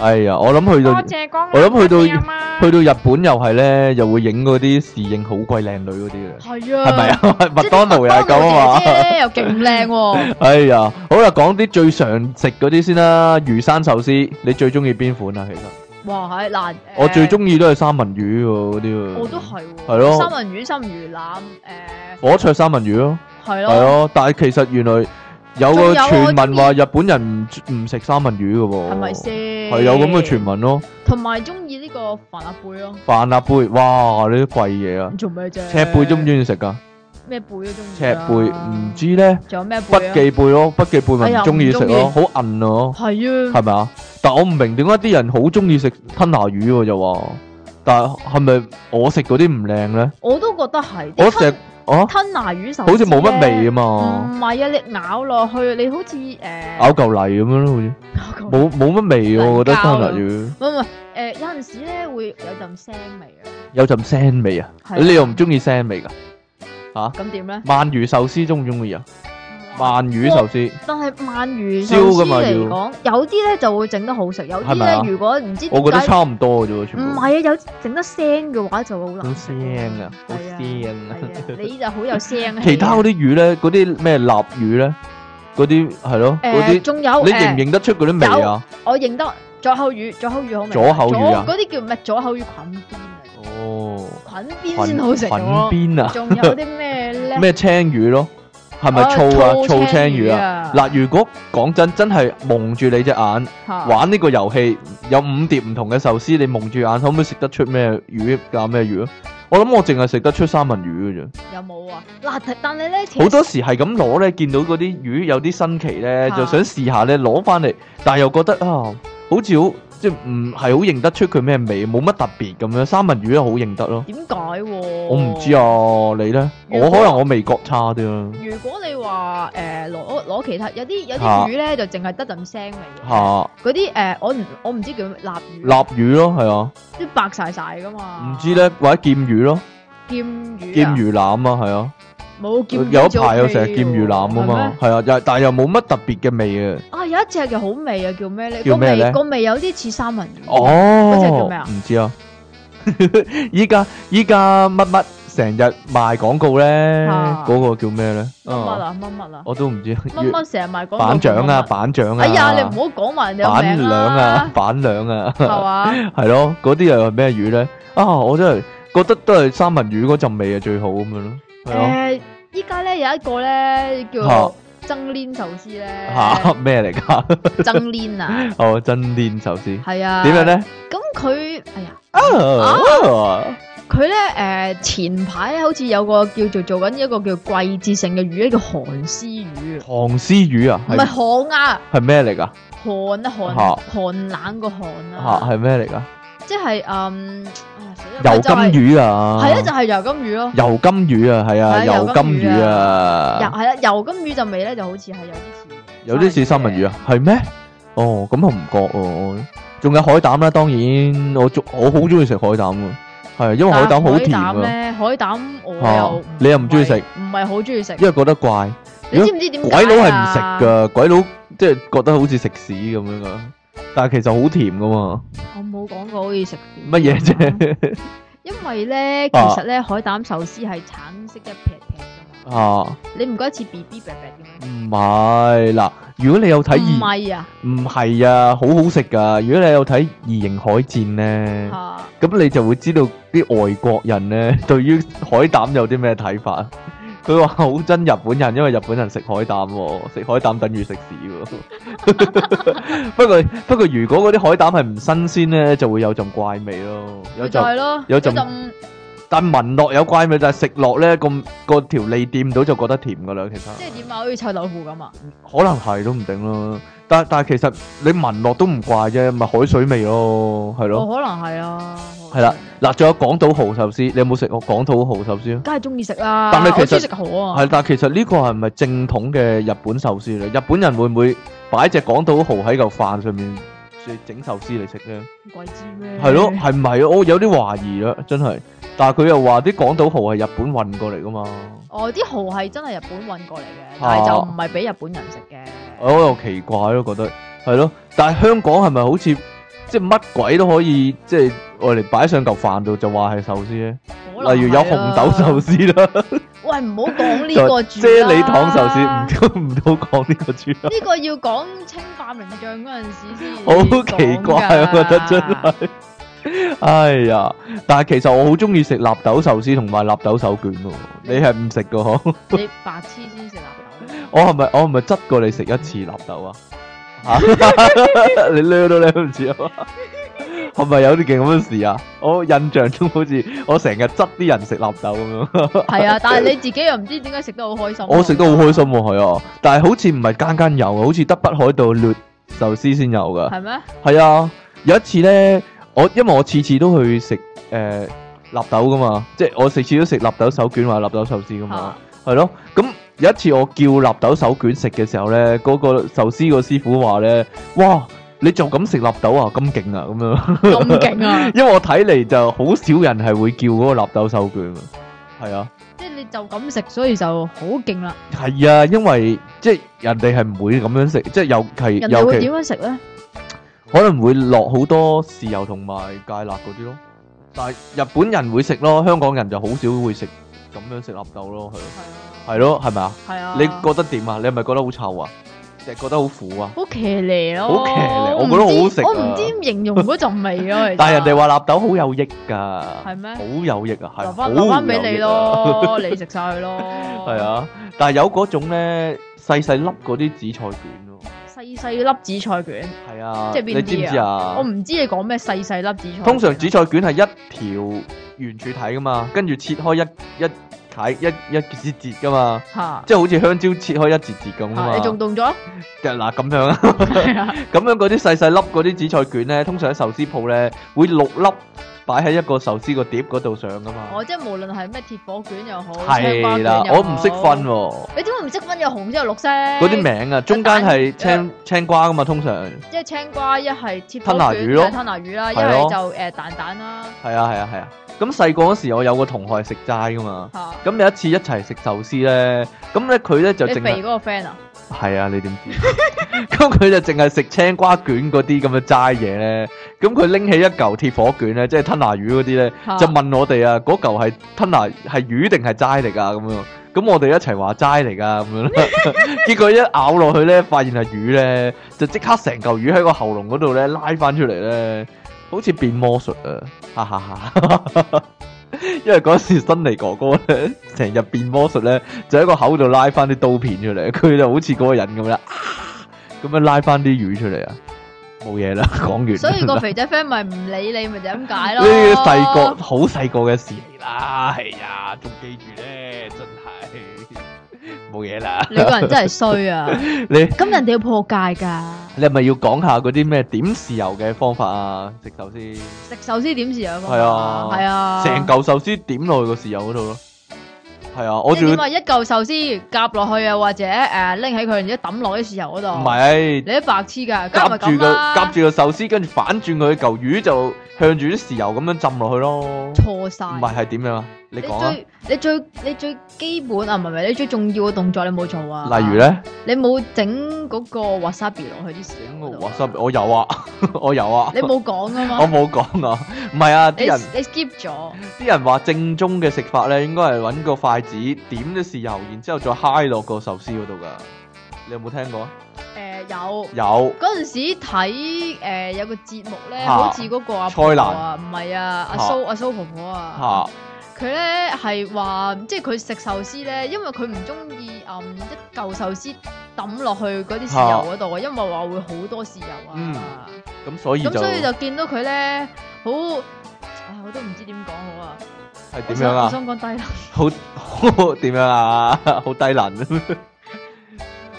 哎呀，我諗去到，我諗去到去到日本又係咧，又會影嗰啲侍應好鬼靚女嗰啲嘅，係啊，係咪啊？麥當勞又係咁啊嘛，又勁靚喎。哎呀，好啦，講啲最常食嗰啲先啦，魚生壽司，你最中意邊款啊？其實，哇係嗱，我最中意都係三文魚喎嗰啲，我都係喎，係咯，三文魚、三文魚腩，誒，火灼三文魚咯，係咯，但係其實原來。有個傳聞話日本人唔唔食三文魚嘅喎，係咪先？係有咁嘅傳聞咯。同埋中意呢個帆鴨貝咯。帆鴨貝，哇！呢啲貴嘢啊。你做咩啫？赤貝中唔中意食噶？咩貝啊？中意赤貝唔知咧。仲有咩貝？北寄貝咯，北寄貝咪中意食咯，好韌咯。係啊。係咪啊？但係我唔明點解啲人好中意食吞拿魚喎？就話，但係係咪我食嗰啲唔靚咧？我都覺得係。我食。吞拿魚壽司咧，好似冇乜味啊嘛。唔係啊，你咬落去，你好似誒，咬嚿泥咁樣咯，好似冇冇乜味啊，我覺得吞拿魚，唔係唔係，誒有陣時咧會有陣腥味啊，有陣腥味啊，你又唔中意腥味噶吓？咁點咧？鰻魚壽司中唔中意啊？鰻魚壽司，但係鰻魚燒㗎嘛嚟講，有啲咧就會整得好食，有啲咧如果唔知，我覺得差唔多嘅啫喎，全部唔係啊，有整得腥嘅話就會好難。好腥啊，好腥啊，你就好有腥啊。其他嗰啲魚咧，嗰啲咩立魚咧，嗰啲係咯，嗰啲仲有，你認唔認得出嗰啲味啊？我認得左口魚，左口魚好味。左口魚啊，嗰啲叫咩？左口魚裙邊啊。哦，裙邊先好食咯。裙邊啊，仲有啲咩咧？咩青魚咯？係咪醋啊，醋青魚啊？嗱、啊！如果講真，真係蒙住你隻眼、嗯、玩呢個遊戲，有五碟唔同嘅壽司，你蒙住眼可唔可以食得出咩魚、啊？夾咩魚、啊？我諗我淨係食得出三文魚嘅啫。有冇啊？嗱、啊，但係咧，好多時係咁攞咧，見到嗰啲魚有啲新奇咧，嗯、就想試下咧攞翻嚟，但係又覺得啊，好似好。即係唔係好認得出佢咩味，冇乜特別咁樣。三文魚都好認得咯。點解？我唔知啊，你咧？我可能我味覺差啲啦。如果你話誒攞攞其他有啲有啲魚咧就淨係得陣腥味。吓。嗰啲誒我我唔知叫乜臘魚。臘魚咯，係啊。啲白晒晒噶嘛。唔知咧，或者劍魚咯。劍魚。劍魚腩啊，係啊。冇劍，有一排又成日劍魚腩啊嘛，係啊，但但又冇乜特別嘅味啊。啊，有一隻嘅好味啊，叫咩咧？個味咧，個味有啲似三文魚。哦，嗰隻叫咩啊？唔知啊。依家依家乜乜成日賣廣告咧？嗰個叫咩咧？乜啊乜乜啊？我都唔知。乜乜成日賣廣告。板長啊板長啊！哎呀，你唔好講埋你名啊！板兩啊板兩啊！係嘛？係咯，嗰啲又係咩魚咧？啊，我真係覺得都係三文魚嗰陣味啊最好咁樣咯。誒，依家咧有一個咧叫增粘壽司咧，吓咩嚟噶？增粘啊！啊 [LAUGHS] 哦，增粘壽司係啊？點樣咧？咁佢哎呀，佢咧誒，前排好似有個叫做做緊一個叫季節性嘅魚，叫寒絲魚。寒絲魚啊？唔係寒鴨，係咩嚟噶？寒啊寒，寒，啊，寒冷個寒啊，係咩嚟噶？即係嗯，哎、油甘魚啊，係啊、哎，就係油甘魚咯。油甘魚啊，係啊，油甘魚啊，係啦，油甘魚就味咧就好似係有啲似，有啲似三文魚啊，係咩？哦，咁我唔覺哦、啊。仲有海膽啦、啊，當然我我好中意食海膽噶、啊，啊，因為海膽好甜啊。海膽我又、啊、你又唔中意食，唔係好中意食，因為覺得怪。你知唔知點解？鬼佬係唔食噶，鬼佬即係覺得好似食屎咁樣噶、啊。但係其實好甜噶嘛，我冇講過可以食乜嘢啫。呢 [LAUGHS] 因為咧，其實咧、啊、海膽壽司係橙色一撇撇噶嘛。啊，你唔覺得似 B B 撇？唔係嗱，如果你有睇二唔係啊，唔係啊，好好食噶。如果你有睇異形海戰咧，咁、啊、你就會知道啲外國人咧對於海膽有啲咩睇法。佢話好憎日本人，因為日本人食海膽，食海膽等於食屎喎。不過不過，如果嗰啲海膽係唔新鮮呢，就會有陣怪味咯。 [LAUGHS] 有陣 [LAUGHS] 有陣，但聞落有怪味，但係食落呢，個個條脷掂到就覺得甜㗎喇。其實即係點啊？好似臭豆腐咁啊。可能係都唔定咯。但但係其實你聞落都唔怪啫，咪、就是、海水味咯，係咯、哦。可能係啊。係啦，嗱，仲有廣島蠔壽司，你有冇食過廣島蠔壽司？梗係中意食啦，但你其實我中意食蠔啊。係，但係其實呢個係唔係正統嘅日本壽司咧？日本人會唔會擺隻廣島蠔喺嚿飯上面整壽司嚟食咧？鬼知咩、啊？係咯，係唔係？我有啲懷疑啦，真係。但係佢又話啲廣島蠔係日本運過嚟噶嘛？哦，啲蠔係真係日本運過嚟嘅，但係就唔係俾日本人食嘅。啊我又奇怪咯，覺得係咯，但係香港係咪好似即係乜鬼都可以，即係我哋擺上嚿飯度就話係壽司咧？例如有紅豆壽司啦。喂，唔好講呢個豬啦。啫喱糖壽司唔唔好講呢個豬。呢個要講清化名將嗰陣時先。好奇怪，我覺得真係。哎呀！但係其實我好中意食納豆壽司同埋納豆手卷喎。你係唔食噶？嗬？你白痴先食啦。我係咪我係咪執過你食一次納豆啊？吓， [LAUGHS] 你撩都撩唔知啊？係咪有啲勁咁嘅事啊？我印象中好似我成日執啲人食納豆咁樣。 [LAUGHS] 係啊，但係你自己又唔知點解食得好開心，啊。我食得好開心喎，係啊，但係好似唔係間間有，啊嗎，好似得北海道劣壽司先有噶。係咩？係啊，有一次咧，我因為我次次都去食誒納豆噶嘛，即係我次次都食納豆手卷或者納豆壽司噶嘛，係咯是、啊啊，咁。有一次我叫納豆手卷食嘅時候咧，嗰個壽司個師傅話咧：，哇，你就咁食納豆啊，咁勁啊，咁樣，咁勁啊！因為我睇嚟就好少人係會叫嗰個納豆手卷啊，係啊，即係你就咁食，所以就好勁啦。係啊，因為即係人哋係唔會咁樣食，即係尤其人哋會點樣食咧？可能會落好多豉油同埋芥辣嗰啲咯，但係日本人會食咯，香港人就好少會食。咁樣食納豆咯，係咯，係咯，係咪啊？係啊！你覺得點啊？你係咪覺得好臭啊？定覺得好苦啊？好騎呢咯，好騎呢！我覺得好好食。我唔知形容嗰陣味啊。但係人哋話納豆好有益㗎，係咩？好有益啊！係，攞翻攞翻俾你咯，你食晒佢咯。係啊，但係有嗰種咧，細細粒嗰啲紫菜卷咯，細細粒紫菜卷，係啊，即係你知唔知啊？我唔知你講咩細細粒紫菜卷。通常紫菜卷係一條圓柱體㗎嘛，跟住切開一一。係一一節節噶嘛，即係好似香蕉切開一節節咁啊嘛。你仲凍咗？嘅，嗱，咁樣啊，咁樣嗰啲細細粒嗰啲紫菜卷咧，通常喺壽司鋪咧會六粒擺喺一個壽司個碟嗰度上噶嘛。哦，即係無論係咩鐵火卷又好，青瓜卷又好，係啦，我唔識分喎。你點解唔識分㗎？有紅色有綠色。嗰啲名啊，中間係青青瓜噶嘛，通常。即係青瓜一係鐵火卷，一係吞拿魚咯，吞拿魚啦，一係就誒蛋蛋啦。係啊係啊係啊！咁細個嗰時，我有個同學係食齋噶嘛。咁有、啊、一次一齊食壽司咧，咁咧佢咧就淨係肥嗰個 friend 啊。係啊，你點知？咁佢 [LAUGHS] [LAUGHS] 就淨係食青瓜卷嗰啲咁嘅齋嘢咧。咁佢拎起一嚿鐵火卷咧，即係吞拿魚嗰啲咧，啊、就問我哋啊，嗰嚿係吞拿係魚定係齋嚟噶咁樣。咁我哋一齊話齋嚟噶咁樣啦。 [LAUGHS] [LAUGHS] 結果一咬落去咧，發現係魚咧，就即刻成嚿魚喺個喉嚨嗰度咧拉翻出嚟咧。好似變魔術啊，哈哈哈，因為嗰時新嚟哥哥咧，成日變魔術咧，就喺個口度拉翻啲刀片出嚟，佢就好似嗰個人咁啦，咁樣拉翻啲魚出嚟啊，冇嘢啦，講完。所以個肥仔 friend 咪唔理你，咪就咁解咯。呢個細個好細個嘅事啦，係呀，仲記住咧。冇嘢啦！你個人真係衰啊！你咁人哋要破戒噶，你係咪要講下嗰啲咩點豉油嘅方法啊？食壽司食壽司點豉油啊？係啊係啊，成嚿壽司點落去個豉油嗰度咯。係啊，我仲話一嚿壽司夾落去啊，或者誒拎起佢，然之後抌落啲豉油嗰度。唔係你都白痴噶，夾住個夾住個壽司，跟住反轉佢嚿魚就。向住啲豉油咁樣浸落去咯，錯曬。唔係係點樣啊？你講啊！你最你最你最基本啊，唔係唔係？你最重要嘅動作你冇做啊？例如咧，你冇整嗰個 wasabi 落去啲豉油嗰度。wasabi 我有啊，我有啊。你冇講啊嘛？我冇講啊，唔係啊。啲人你 skip 咗。啲人話正宗嘅食法咧，應該係揾個筷子點啲豉油，然之後再揩落個壽司嗰度㗎。你有冇聽過？有有嗰陣時睇，誒、呃、有個節目咧，好似嗰個啊蔡瀾啊，唔係蘭啊阿蘇、啊、阿蘇婆婆啊，佢咧係話即係佢食壽司咧，因為佢唔中意嗯一嚿壽司抌落去嗰啲豉油嗰度啊，因為話會好多豉油啊，咁、嗯、所以咁所以就見到佢咧好啊，我都唔知點講好啊，係點樣啊，我想講低能， [LAUGHS] 好點樣啊， [LAUGHS] 好低能 難。 [LAUGHS]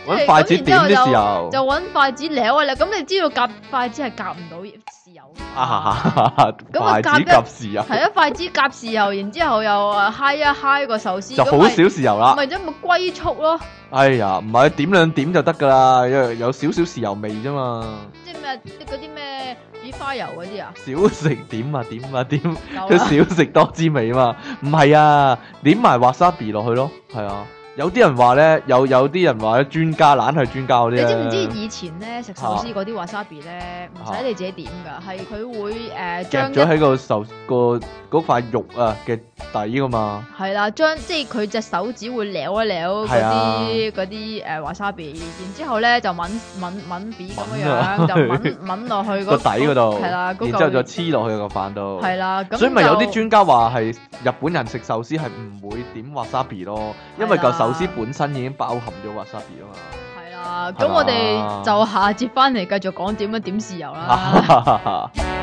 搵筷子點啲豉油，就揾筷子撩啊！你咁、嗯、你知道夾筷子係夾唔到豉油啊？咁啊、嗯，筷子夾豉油，係 [LAUGHS] 啊，筷子夾豉油，然之後又啊嗨一嗨個壽司就好少豉油啦。咪咁咪歸速咯。哎呀，唔係點兩點就得噶啦，因為有有少少豉油味啫嘛。即係咩？即嗰啲咩雪花油嗰啲啊？少食點啊點啊點佢少食多滋味嘛。唔係啊，點埋 wasabi 落了、 [LAUGHS] 啊、去咯，係啊。有啲人話咧，有有啲人話咧，專家懶係專家啲。你知唔知以前咧食壽司嗰啲 wasabi 咧，唔使你自己點㗎，係佢會誒夾咗喺個壽個嗰塊肉啊嘅底㗎嘛。係啦，將即係佢隻手指會撩一撩嗰啲嗰啲誒 wasabi，然之後咧就揾揾揾 B 咁樣樣，就揾揾落去嗰底嗰度，係啦，然之後就黐落去個飯度。係啦，所以咪有啲專家話係日本人食壽司係唔會點 wasabi 咯，因為壽司本身已經包含咗滑沙 s a 啊嘛，係啦，咁我哋就下節翻嚟繼續講點樣點豉油啦。 [LAUGHS] [LAUGHS]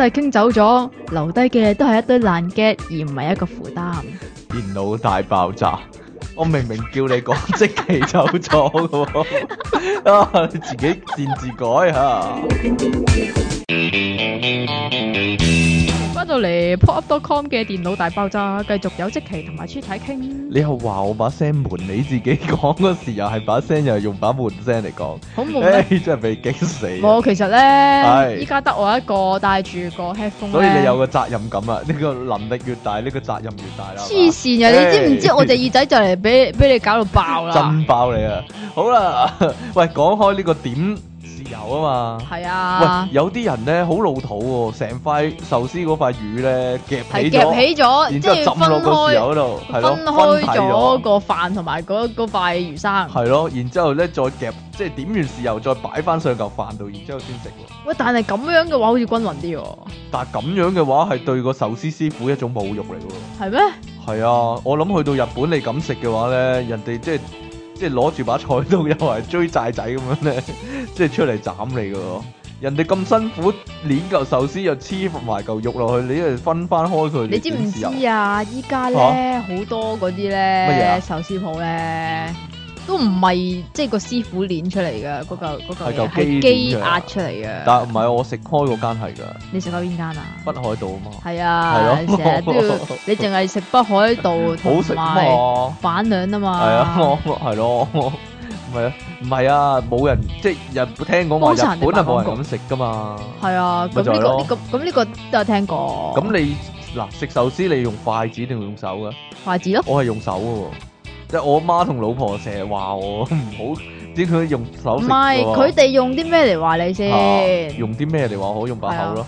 都係傾走咗，留低嘅都係一堆爛 g 而唔係一個負擔。電腦大爆炸，我明明叫你講即期走咗嘅， [LAUGHS] [LAUGHS] 啊！你自己擅自改吓。翻到嚟 pop up dot com 嘅電腦大爆炸，繼續有積淇同埋出體傾。你又話我把聲悶，你自己講嗰時又係把聲，又係用把悶聲嚟講。好悶啊！真係被激死。我其實咧，依家得我一個戴住個 headphone 咧。所以你有個責任感啊！呢個能力越大，呢個責任越大啦。黐線啊！你知唔知我隻耳仔就嚟俾俾你搞到爆啦！震爆你啊！好啦，喂，講開呢個點。有啊嘛，係啊。喂，有啲人咧好老土喎、哦，成塊壽司嗰塊魚咧夾起咗，夾起咗，然之後浸落個豉油度，係咯開，哦、分開咗個飯同埋嗰嗰塊魚生。係咯、哦，然之後咧再夾，即係點完豉油再擺翻上嚿飯度，然之後先食。喂，但係咁樣嘅話好似均勻啲喎、哦。但係咁樣嘅話係對個壽司師傅一種侮辱嚟喎。係咩嗎？係啊，我諗去到日本你咁食嘅話咧，人哋即係。即係攞住把菜刀又係追債仔咁樣咧， [LAUGHS] 即係出嚟斬你嘅。人哋咁辛苦捻嚿壽司又黐埋嚿肉落去，你又係分翻開佢。你知唔知啊？依家咧好多嗰啲咧乜嘢壽司鋪咧。都唔係即係個師傅練出嚟噶，嗰嚿嗰嚿係機壓出嚟噶。但係唔係，我食開嗰間係噶。你食開邊間啊？北海道啊嘛。係啊，成日都要。你淨係食北海道好食咩飯量啊嘛。係啊，係咯，唔係唔係啊，冇人即係日，聽講話日本係冇人咁食噶嘛。係啊，咁呢個咁咁呢個都有聽過。咁你嗱食壽司，你用筷子定用手噶？筷子咯。我係用手噶。即係我媽同老婆成日話我唔好，點解佢用手食？唔係，佢哋用啲咩嚟話你先？用啲咩嚟話我？用把口咯。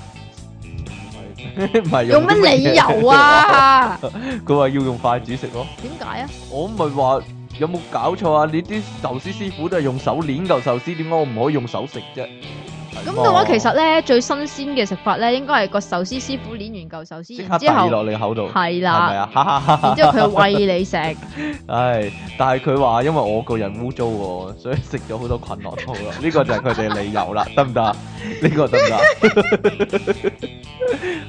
唔係用乜理由啊？佢話要用筷子食咯。點解啊？我唔係話有冇搞錯啊？你啲壽司師傅都係用手捏嚿壽司，點解我唔可以用手食啫？咁嘅、哦、話，其實咧最新鮮嘅食法咧，應該係個壽司師傅捻完嚿壽司落你口度然之後，係啦是吧， [LAUGHS] 然之後佢餵你食。唉、哎，但係佢話，因為我個人污糟喎，所以食咗好多菌落肚啦。呢 [LAUGHS] 個就係佢哋嘅理由啦，得唔得？呢 [LAUGHS] 個得唔得？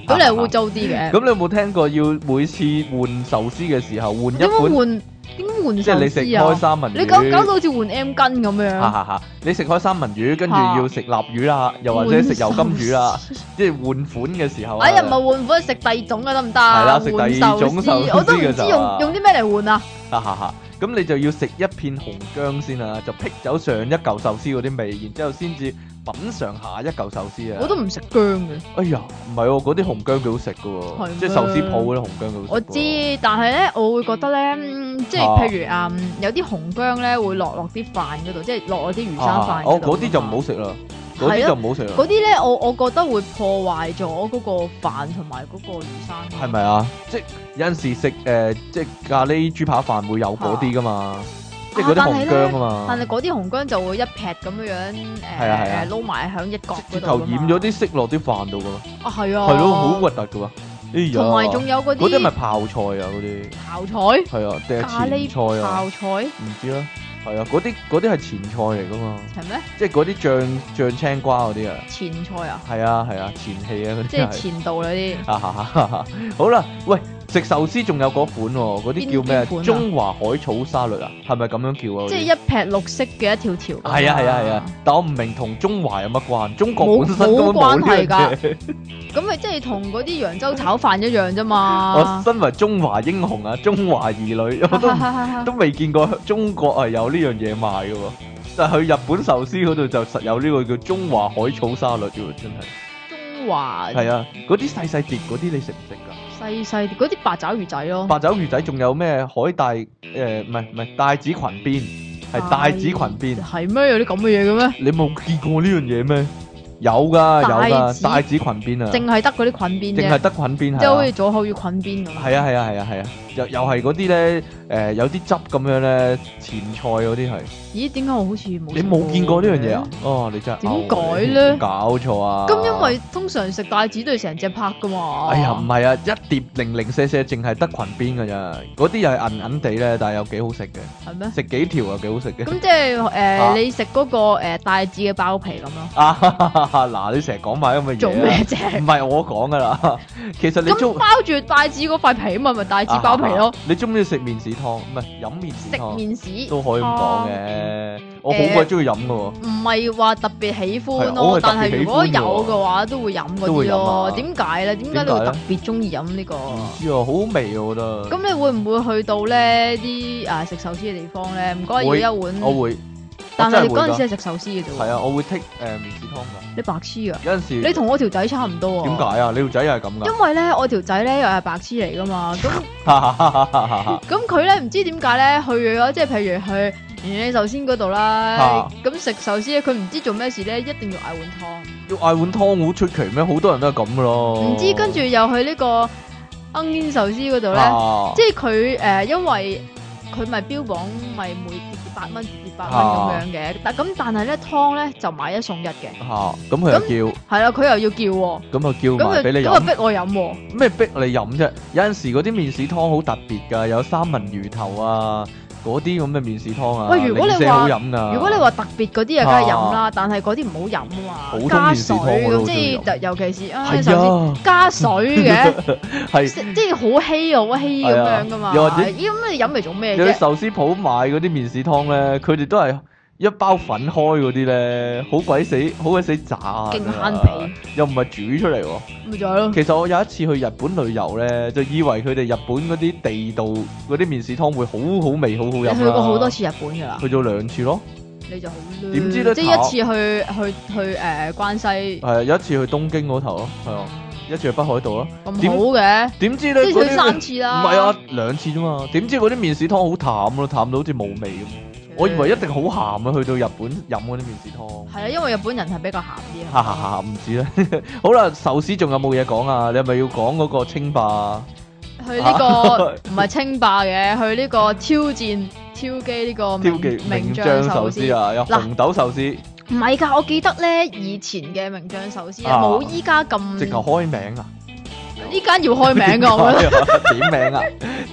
咁你係污糟啲嘅。咁你有冇聽過要每次換壽司嘅時候換一款？點換三文啊！你搞，搞到好似換 M 根咁樣。哈哈哈！你食開三文魚，跟住、啊啊啊、要食臘魚啦、啊，又或者食油金魚啦、啊，換，即係換款嘅時候、啊、哎呀，唔係換款，食第二種嘅得唔得？係、啊、啦，食第二種壽我都唔知用用啲咩嚟換啊！哈哈哈。啊啊咁你就要食一片紅薑先啦、啊，就辟走上一嚿壽司嗰啲味，然之後先至品嚐下一嚿壽司啊！我都唔食薑嘅。哎呀，唔係喎，嗰啲紅薑幾好食嘅喎，的即係壽司鋪嗰啲紅薑好食。我知，但係咧，我會覺得咧，即係譬如啊，啊，有啲紅薑咧會落落啲飯嗰度，即係落落啲魚生飯、啊啊、哦，嗰啲就唔好食啦。嗰啲就唔好食、啊。嗰啲咧，我我覺得會破壞咗嗰個飯同埋嗰個魚生。係咪啊？即係有時食誒、呃，即係咖喱豬扒飯會有嗰啲噶嘛，啊、即係嗰啲紅薑啊嘛。但係嗰啲紅薑就會一劈咁樣樣誒，誒撈埋喺一角嗰度，就染咗啲色落啲飯度噶嘛。啊，係啊，係咯、啊，好核突噶喎。哎呀，同埋仲有嗰啲，嗰啲咪泡菜啊嗰啲。泡菜。係啊，咖喱菜啊。泡菜。唔知啦、啊。係啊，嗰啲嗰啲係前菜嚟㗎嘛？係咩嗎？即係嗰啲醬醬青瓜嗰啲啊？前菜啊？係啊係啊，前戲啊嗰啲。那些即係前道嗰啲。啊哈哈哈！好啦，喂。食壽司仲有嗰款，嗰啲叫咩？中華海草沙律啊，係咪咁樣叫啊？即係一劈綠色嘅一條條。係啊係啊係啊！但係我唔明同中華有乜關？中國本身根本冇呢樣嘢。咁咪即係同嗰啲揚州炒飯一樣啫嘛。我身為中華英雄啊，中華兒女，我都都未見過中國係有呢樣嘢賣㗎喎。但係去日本壽司嗰度就實有呢個叫中華海草沙律嘅，真係。中華。係啊，嗰啲細細碟嗰啲，你食唔食㗎？細細啲，嗰啲八爪魚仔咯。八爪魚仔仲有咩海帶？誒、呃，唔係唔係帶子裙邊，係帶子裙邊。係咩？有啲咁嘅嘢嘅咩？你冇見過呢樣嘢咩？有噶有噶，帶子，子裙邊啊，淨係得嗰啲裙邊，淨係得裙邊，即係好似左口魚裙邊。係啊係啊係啊係啊。又又係嗰啲咧，誒有啲汁咁樣咧，前菜嗰啲係。咦？點解我好似冇？你冇見過呢樣嘢啊？哦，你真係點解咧？搞錯啊！咁因為通常食帶子都係成隻拍噶嘛。哎呀，唔係啊，一碟零零舍舍，淨係得裙邊噶咋。嗰啲又係銀銀地咧，但係又幾好食嘅。係咩？食幾條又幾好食嘅。咁即係誒，你食嗰個誒帶子嘅包皮咁咯。啊嗱，你成日講埋咁嘅嘢。做咩啫？唔係我講噶啦。其實你咁包住帶子嗰塊皮咪咪帶子包皮。係咯，嗯、你中唔中意食麵豉湯？唔係飲麵豉湯都可以咁講嘅，啊、我好鬼中意飲噶喎。唔係話特別喜歡咯，歡但係如果有嘅話都會飲嗰啲咯。點解咧？點解你會特別中意飲呢個？唔知啊，好味啊，我覺得。咁你會唔會去到咧啲啊食壽司嘅地方咧？唔該要一碗。我會。但係嗰陣時係食壽司嘅啫喎，係啊，我會剔誒、呃、麵豉湯噶。你白痴啊！有陣時你同我條仔差唔多啊。點解啊？你條仔又係咁噶？因為咧，我條仔咧又係白痴嚟噶嘛。咁咁佢咧唔知點解咧去咗即係譬如去原味壽司嗰度啦，咁食壽司佢唔知做咩事咧，一定要嗌碗湯。要嗌碗湯好出奇咩？好多人都係咁噶咯。唔知跟住又去、這個、壽呢個 enguin 壽司嗰度咧， [LAUGHS] 即係佢誒，因為佢咪標榜咪每。八蚊二百蚊咁樣嘅，但咁但係咧湯咧就買一送一嘅。嚇、啊，咁佢又叫係啦，佢、嗯啊、又要叫喎。咁啊叫，咁佢畀你，咁啊逼我飲喎、啊。咩逼你飲啫？有陣時嗰啲麵豉湯好特別㗎，有三文魚頭啊。嗰啲咁嘅麵豉湯啊，即係好飲噶。如果你話特別嗰啲啊，梗係飲啦。但係嗰啲唔好飲啊嘛，加水 [LAUGHS] 是即係尤其是啊壽司加水嘅，係即係好稀好稀咁樣噶嘛。又或者咦，咁你飲嚟做咩啫？有壽司鋪買嗰啲麵豉湯咧，佢哋都係。一包粉開嗰啲咧，好鬼死，好鬼死渣啊！勁慳哋又唔係煮出嚟喎，咪就係咯。其實我有一次去日本旅遊咧，就以為佢哋日本嗰啲地道嗰啲麵豉湯會好好味好好飲啦。你去過好多次日本噶啦？去咗兩次咯。你就好，點知咧？即係一次去淡去去誒、呃、關西，係啊，有一次去東京嗰頭咯，係啊，一次去北海道咯。咁好嘅？點知咧？即係去三次啦。唔係啊，兩次啫嘛。點知嗰啲麵豉湯好淡咯、啊，淡到好似冇味咁。我以為一定好鹹啊！去到日本飲嗰啲麵豉湯，係啊，因為日本人係比較鹹啲啊。唔知啦，好啦，壽司仲有冇嘢講啊？你係咪要講嗰個清霸？去呢個唔係清霸嘅，去呢個挑戰超級呢個名將壽司啊！有，紅豆壽司唔係㗎，我記得咧以前嘅名將壽司冇依家咁直頭開名啊！呢間要開名噶，點名啊？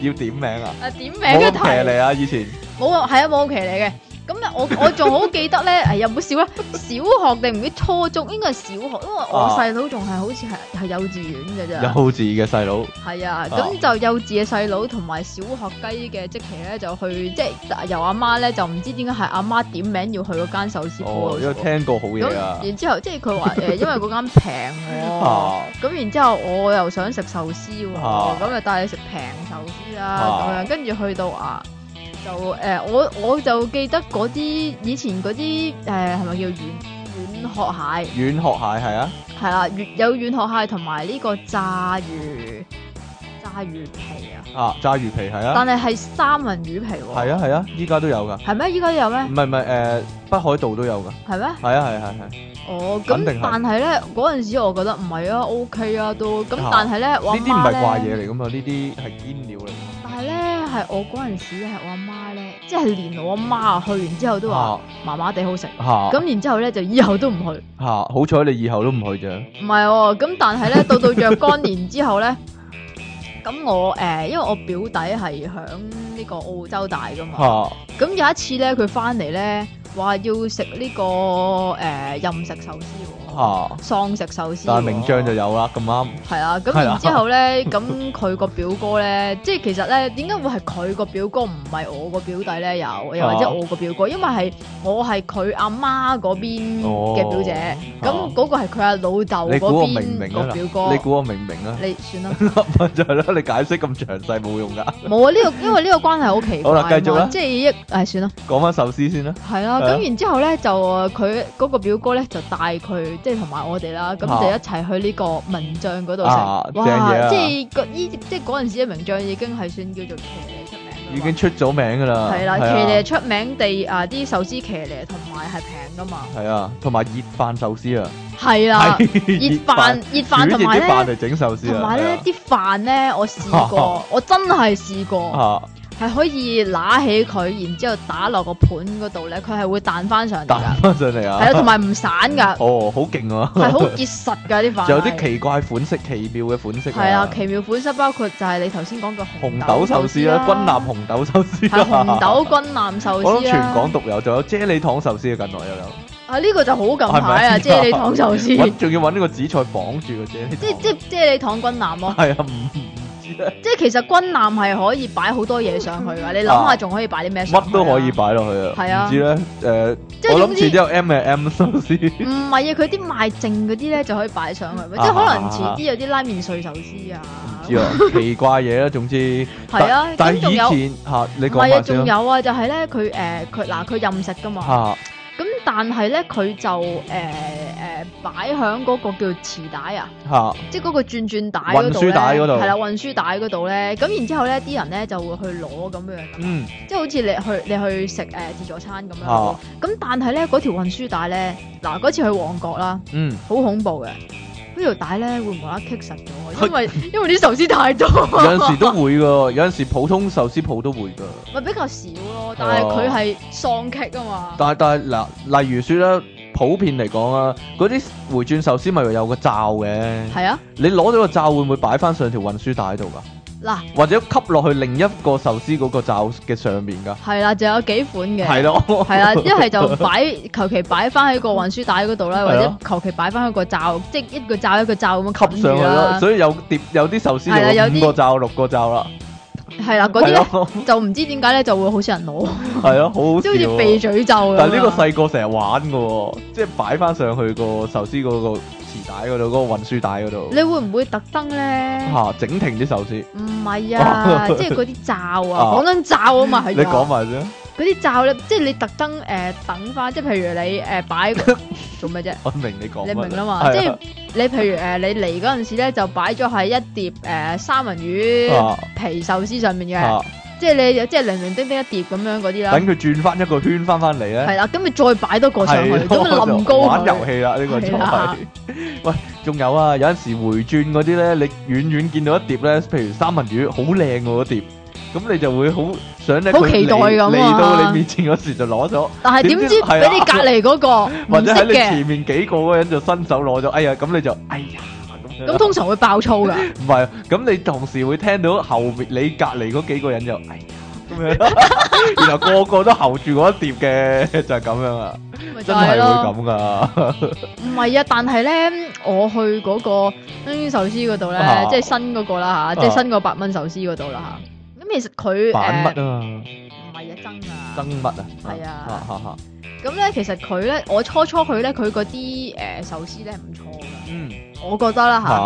要點名啊？啊，點名冇咁平嚟啊！以前。冇啊，係啊，冇屋企嚟嘅。咁咧，我我仲好記得咧， [LAUGHS] 又唔好笑啊！小學定唔知初中，應該係小學，因為我細佬仲係好似係係幼稚園嘅啫。幼稚嘅細佬係啊，咁就幼稚嘅細佬同埋小學雞嘅即期咧，就去即係由阿媽咧，就唔、是、知點解係阿媽點名要去嗰間壽司鋪啊，因為、哦、聽過好嘢、啊、然之後即係佢話嘅， [LAUGHS] 因為嗰間平喎。咁、啊、然之後我又想食壽司喎、哦，咁就帶你食平壽司啦、啊，咁樣、啊、跟住去到啊。就誒、呃，我我就記得嗰啲以前嗰啲誒，係、呃、咪叫軟軟殼蟹？軟殼蟹係啊，係啦、啊，有軟殼蟹同埋呢個炸魚炸魚皮啊。啊，炸魚皮係啊，但係係三文魚皮喎。係啊係啊，依家、啊啊、都有噶。係咩？依家都有咩？唔係唔係，誒、呃，北海道都有噶。係咩？係啊係啊係、啊、哦，咁但係咧嗰陣時，我覺得唔係啊，OK 啊都。咁但係咧，我呢啲唔係怪嘢嚟噶嘛？呢啲係堅料嚟。係我嗰陣時，係我阿媽咧，即係連我阿媽去完之後都話麻麻地好食，咁、啊、然之後咧就以後都唔去。吓、啊，好彩你以後都唔去啫。唔係哦，咁但係咧到到若干年之後咧，咁 [LAUGHS] 我誒、呃，因為我表弟係響呢個澳洲大噶嘛，咁、啊、有一次咧佢翻嚟咧話要食呢、這個誒、呃、任食壽司。哈！喪食壽司，但係名將就有啦，咁啱係啦。咁然之後咧，咁佢個表哥咧，即係其實咧，點解會係佢個表哥唔係我個表弟咧？又又或者我個表哥，因為係我係佢阿媽嗰邊嘅表姐，咁嗰個係佢阿老豆嗰邊個表哥。你估我明唔明啊？你估我明唔明啊？你算啦，咪就係咯，你解釋咁詳細冇用噶。冇啊，呢個因為呢個關係好奇怪。好啦，繼續啦。即係一，唉，算啦。講翻壽司先啦。係啦，咁然之後咧就佢嗰個表哥咧就帶佢。即係同埋我哋啦，咁就一齊去呢個名將嗰度食。哇！即係個依即係嗰陣時嘅名將已經係算叫做騎鷄出名，已經出咗名㗎啦。係啦，騎鷄出名地啊！啲壽司騎鷄同埋係平㗎嘛。係啊，同埋熱飯壽司啊。係啦，熱飯熱飯同埋飯嚟整壽司。同埋咧，啲飯咧，我試過，我真係試過。係可以揦起佢，然之後打落個盤嗰度咧，佢係會彈翻上嚟。彈翻上嚟啊！係、哦、啊，同埋唔散噶。哦，好勁啊！係好結實㗎啲飯。 [LAUGHS] 有啲奇怪款式，奇妙嘅款式、啊。係啊，奇妙款式包括就係你頭先講嘅紅豆壽司啊、軍艦紅豆壽司啦、啊，軍艦紅豆軍艦壽司啦、啊。 [LAUGHS] 司啊、全港獨有，仲有啫喱糖壽司、啊、近排又有。啊，呢、呢個就好近排啊！啫喱糖壽司，仲要搵呢個紫菜綁住個啫喱。即即啫喱糖軍艦咯。係啊！ [LAUGHS] [LAUGHS] 即係其實軍艦係可以擺好多嘢上去噶你諗下仲可以擺啲咩？乜、啊、都可以擺落去啊！係啊，唔知咧，誒，我諗遲啲有 M 嘅 M 壽司。唔係啊，佢啲賣剩嗰啲咧就可以擺上去， [LAUGHS] 即係可能遲啲有啲拉麵碎壽司啊。唔、啊啊、 [LAUGHS] 知啊，奇怪嘢啦、啊，總之係啊。但係以前吓有、啊，你講下先唔係啊，仲有啊，就係咧，佢誒，佢嗱，佢任食噶嘛。咁但係咧，佢就誒誒、呃呃、擺喺嗰個叫磁帶啊，嚇，即係嗰個轉轉帶嗰度咧，運輸帶嗰度，係啦，運輸帶嗰度咧，咁然之後咧，啲人咧就會去攞咁樣，嗯，即係好似你去你去食誒、呃、自助餐咁樣，咁、啊啊、但係咧嗰條運輸帶咧，嗱、啊、嗰次去旺角啦，嗯，好恐怖嘅。條帶呢條帶咧會唔會一棘實咗？因為 [LAUGHS] 因為啲壽司太多 [LAUGHS] 有，有陣時都會噶，有陣時普通壽司鋪都會噶，咪比較少咯。但係佢係喪棘噶嘛、啊。但係但係嗱，例如說咧，普遍嚟講啊，嗰啲回轉壽司咪有個罩嘅。係啊，你攞咗個罩會唔會擺翻上條運輸帶度噶？嗱，或者吸落去另一個壽司嗰個罩嘅上面噶，係啦、啊，就有幾款嘅，係咯，係啦，一係就擺求其擺翻喺個運輸帶嗰度啦，啊、或者求其擺翻喺個罩，啊、即係一個罩一個罩咁吸上去咯，所以有疊有啲壽司有五個罩、啊、六個罩啦，係啦、啊，嗰啲、啊、就唔知點解咧就會好少人攞，係啊，好 [LAUGHS] 好似鼻嘴咒。但係呢個細個成日玩嘅喎，即係擺翻上去個壽司嗰、嗰個。度，嗰個運輸帶度。你會唔會特登咧？嚇、啊，整停啲壽司。唔係啊， [LAUGHS] 即係嗰啲罩啊，講緊、啊、罩啊嘛、啊，係。你講埋先。嗰啲罩咧，即係你特登誒等翻，即係譬如你誒、呃、擺做咩啫？ [LAUGHS] 我明你講。你明啦嘛？啊、即係你譬如誒、呃，你嚟嗰陣時咧，就擺咗喺一碟誒、呃、三文魚皮壽司上面嘅。啊啊即係你又即係零零丁丁一碟咁樣嗰啲啦，等佢轉翻一個圈翻翻嚟咧，係啦，咁你再擺多個上去，咁咪冧高佢。玩遊戲啦呢個真係，喂，仲有啊，有陣時回轉嗰啲咧，你遠遠見到一碟咧，譬如三文魚，好靚嗰碟，咁你就會好想咧，好期待咁啊，嚟到你面前嗰時就攞咗，但係點知俾你隔籬嗰個或者喺你前面幾個嗰人就伸手攞咗，哎呀，咁你就哎呀。咁通常會爆粗噶，唔係，咁你同時會聽到後邊你隔籬嗰幾個人就，哎呀，咁樣，然後個個都後住嗰一碟嘅，就係咁樣啊，真係會咁噶，唔係啊，但係咧，我去嗰個新壽司嗰度咧，即係新嗰個啦吓，即係新嗰八蚊壽司嗰度啦吓，咁其實佢乜物啊，唔係啊，憎啊，憎物啊，係啊。咁咧，其實佢咧，我初初去咧，佢嗰啲誒壽司咧唔錯㗎，嗯，我覺得啦吓。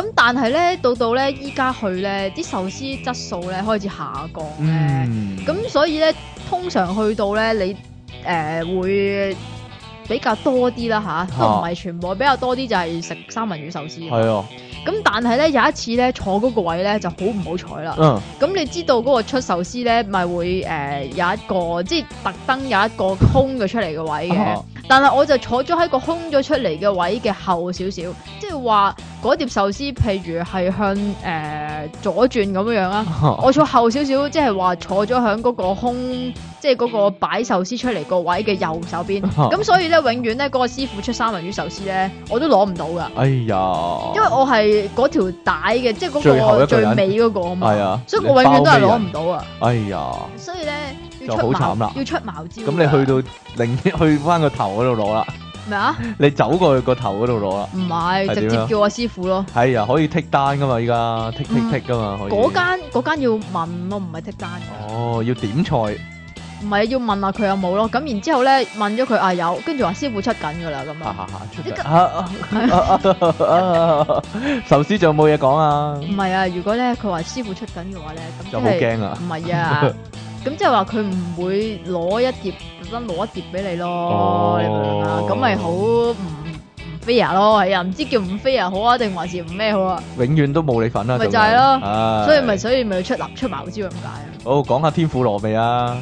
咁、啊、但係咧，到到咧依家去咧，啲壽司質素咧開始下降咧，咁、嗯、所以咧，通常去到咧，你誒、呃、會比較多啲啦嚇，都唔係全部比較多啲，就係食三文魚壽司。係啊的，咁但係咧有一次咧坐嗰個位咧就好唔好彩啦。咁、嗯、你知道嗰個出壽司咧咪會誒、呃、有一個即係特登有一個空咗出嚟嘅位嘅，嗯、但係我就坐咗喺個空咗出嚟嘅位嘅後少少，即係話。嗰碟壽司，譬如係向誒左轉咁樣啊！我坐後少少，即係話坐咗喺嗰個空，即係嗰個擺壽司出嚟個位嘅右手邊。咁所以咧，永遠咧嗰個師傅出三文魚壽司咧，我都攞唔到㗎。哎呀！因為我係嗰條帶嘅，即係嗰個最尾嗰個啊嘛。係啊！所以我永遠都係攞唔到啊！哎呀！所以咧要出茅，要出茅招。咁你去到另去返個頭嗰度攞啦。咩啊？你走過去個頭嗰度攞啦？唔係，直接叫阿師傅咯。係啊，可以剔單噶嘛？依家剔剔剔噶嘛？嗰間嗰間要問咯，唔係剔單。哦，要點菜？唔係，要問下佢有冇咯。咁然之後咧，問咗佢啊有，跟住話師傅出緊噶啦咁啊。吓吓吓，出緊。壽司仲有冇嘢講啊？唔係啊，如果咧佢話師傅出緊嘅話咧，咁就好驚啊，唔係啊？咁即係話佢唔會攞一碟，特登攞一碟俾你咯，你明唔明啊？咁咪好唔唔 fair 咯？又唔知叫唔 fair 好啊，定還是唔咩好啊？永遠都冇你份啦，咪就係咯，所以咪所以咪出立出埋嗰招，唔解啊！好講下天婦羅味啊，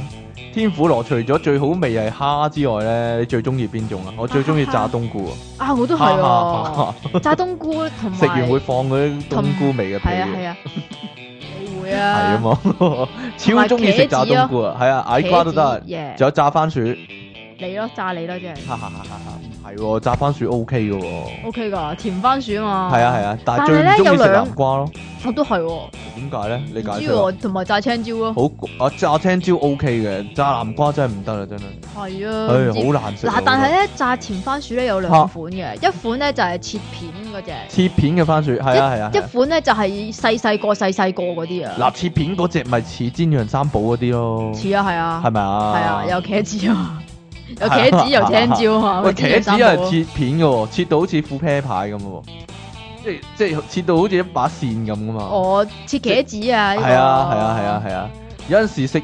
天婦羅除咗最好味係蝦之外咧，你最中意邊種啊？我最中意炸冬菇啊！我都係啊，炸冬菇同埋食完會放嗰啲冬菇味嘅。係啊係啊。係啊，係啊嘛，超中意食炸冬菇啊，係啊，矮瓜都得，仲有炸番薯，你咯，炸你咯，即係。 [LAUGHS] 係炸番薯 O K 嘅，O K 噶甜番薯啊嘛。係啊係啊，但係最唔中意炸南瓜咯。我都係，點解咧？你知同埋炸青椒咯。好，我炸青椒 O K 嘅，炸南瓜真係唔得啦，真係。係啊，係好難食。嗱，但係咧炸甜番薯咧有兩款嘅，一款咧就係切片嗰隻。切片嘅番薯係啊係啊。一款咧就係細細個細細個嗰啲啊。嗱，切片嗰隻咪似煎釀三寶嗰啲咯。似啊係啊。係咪啊？係啊，有茄子啊。有茄子， [LAUGHS] 有青椒嚇。 [LAUGHS] 茄子又係切片嘅， [LAUGHS] 切到好似副啤牌咁，即係即係切到好似一把扇咁噶嘛。哦， [LAUGHS] 切茄子啊！係 [LAUGHS] 這個 啊，係啊，係啊，係啊， [LAUGHS] 有陣時食。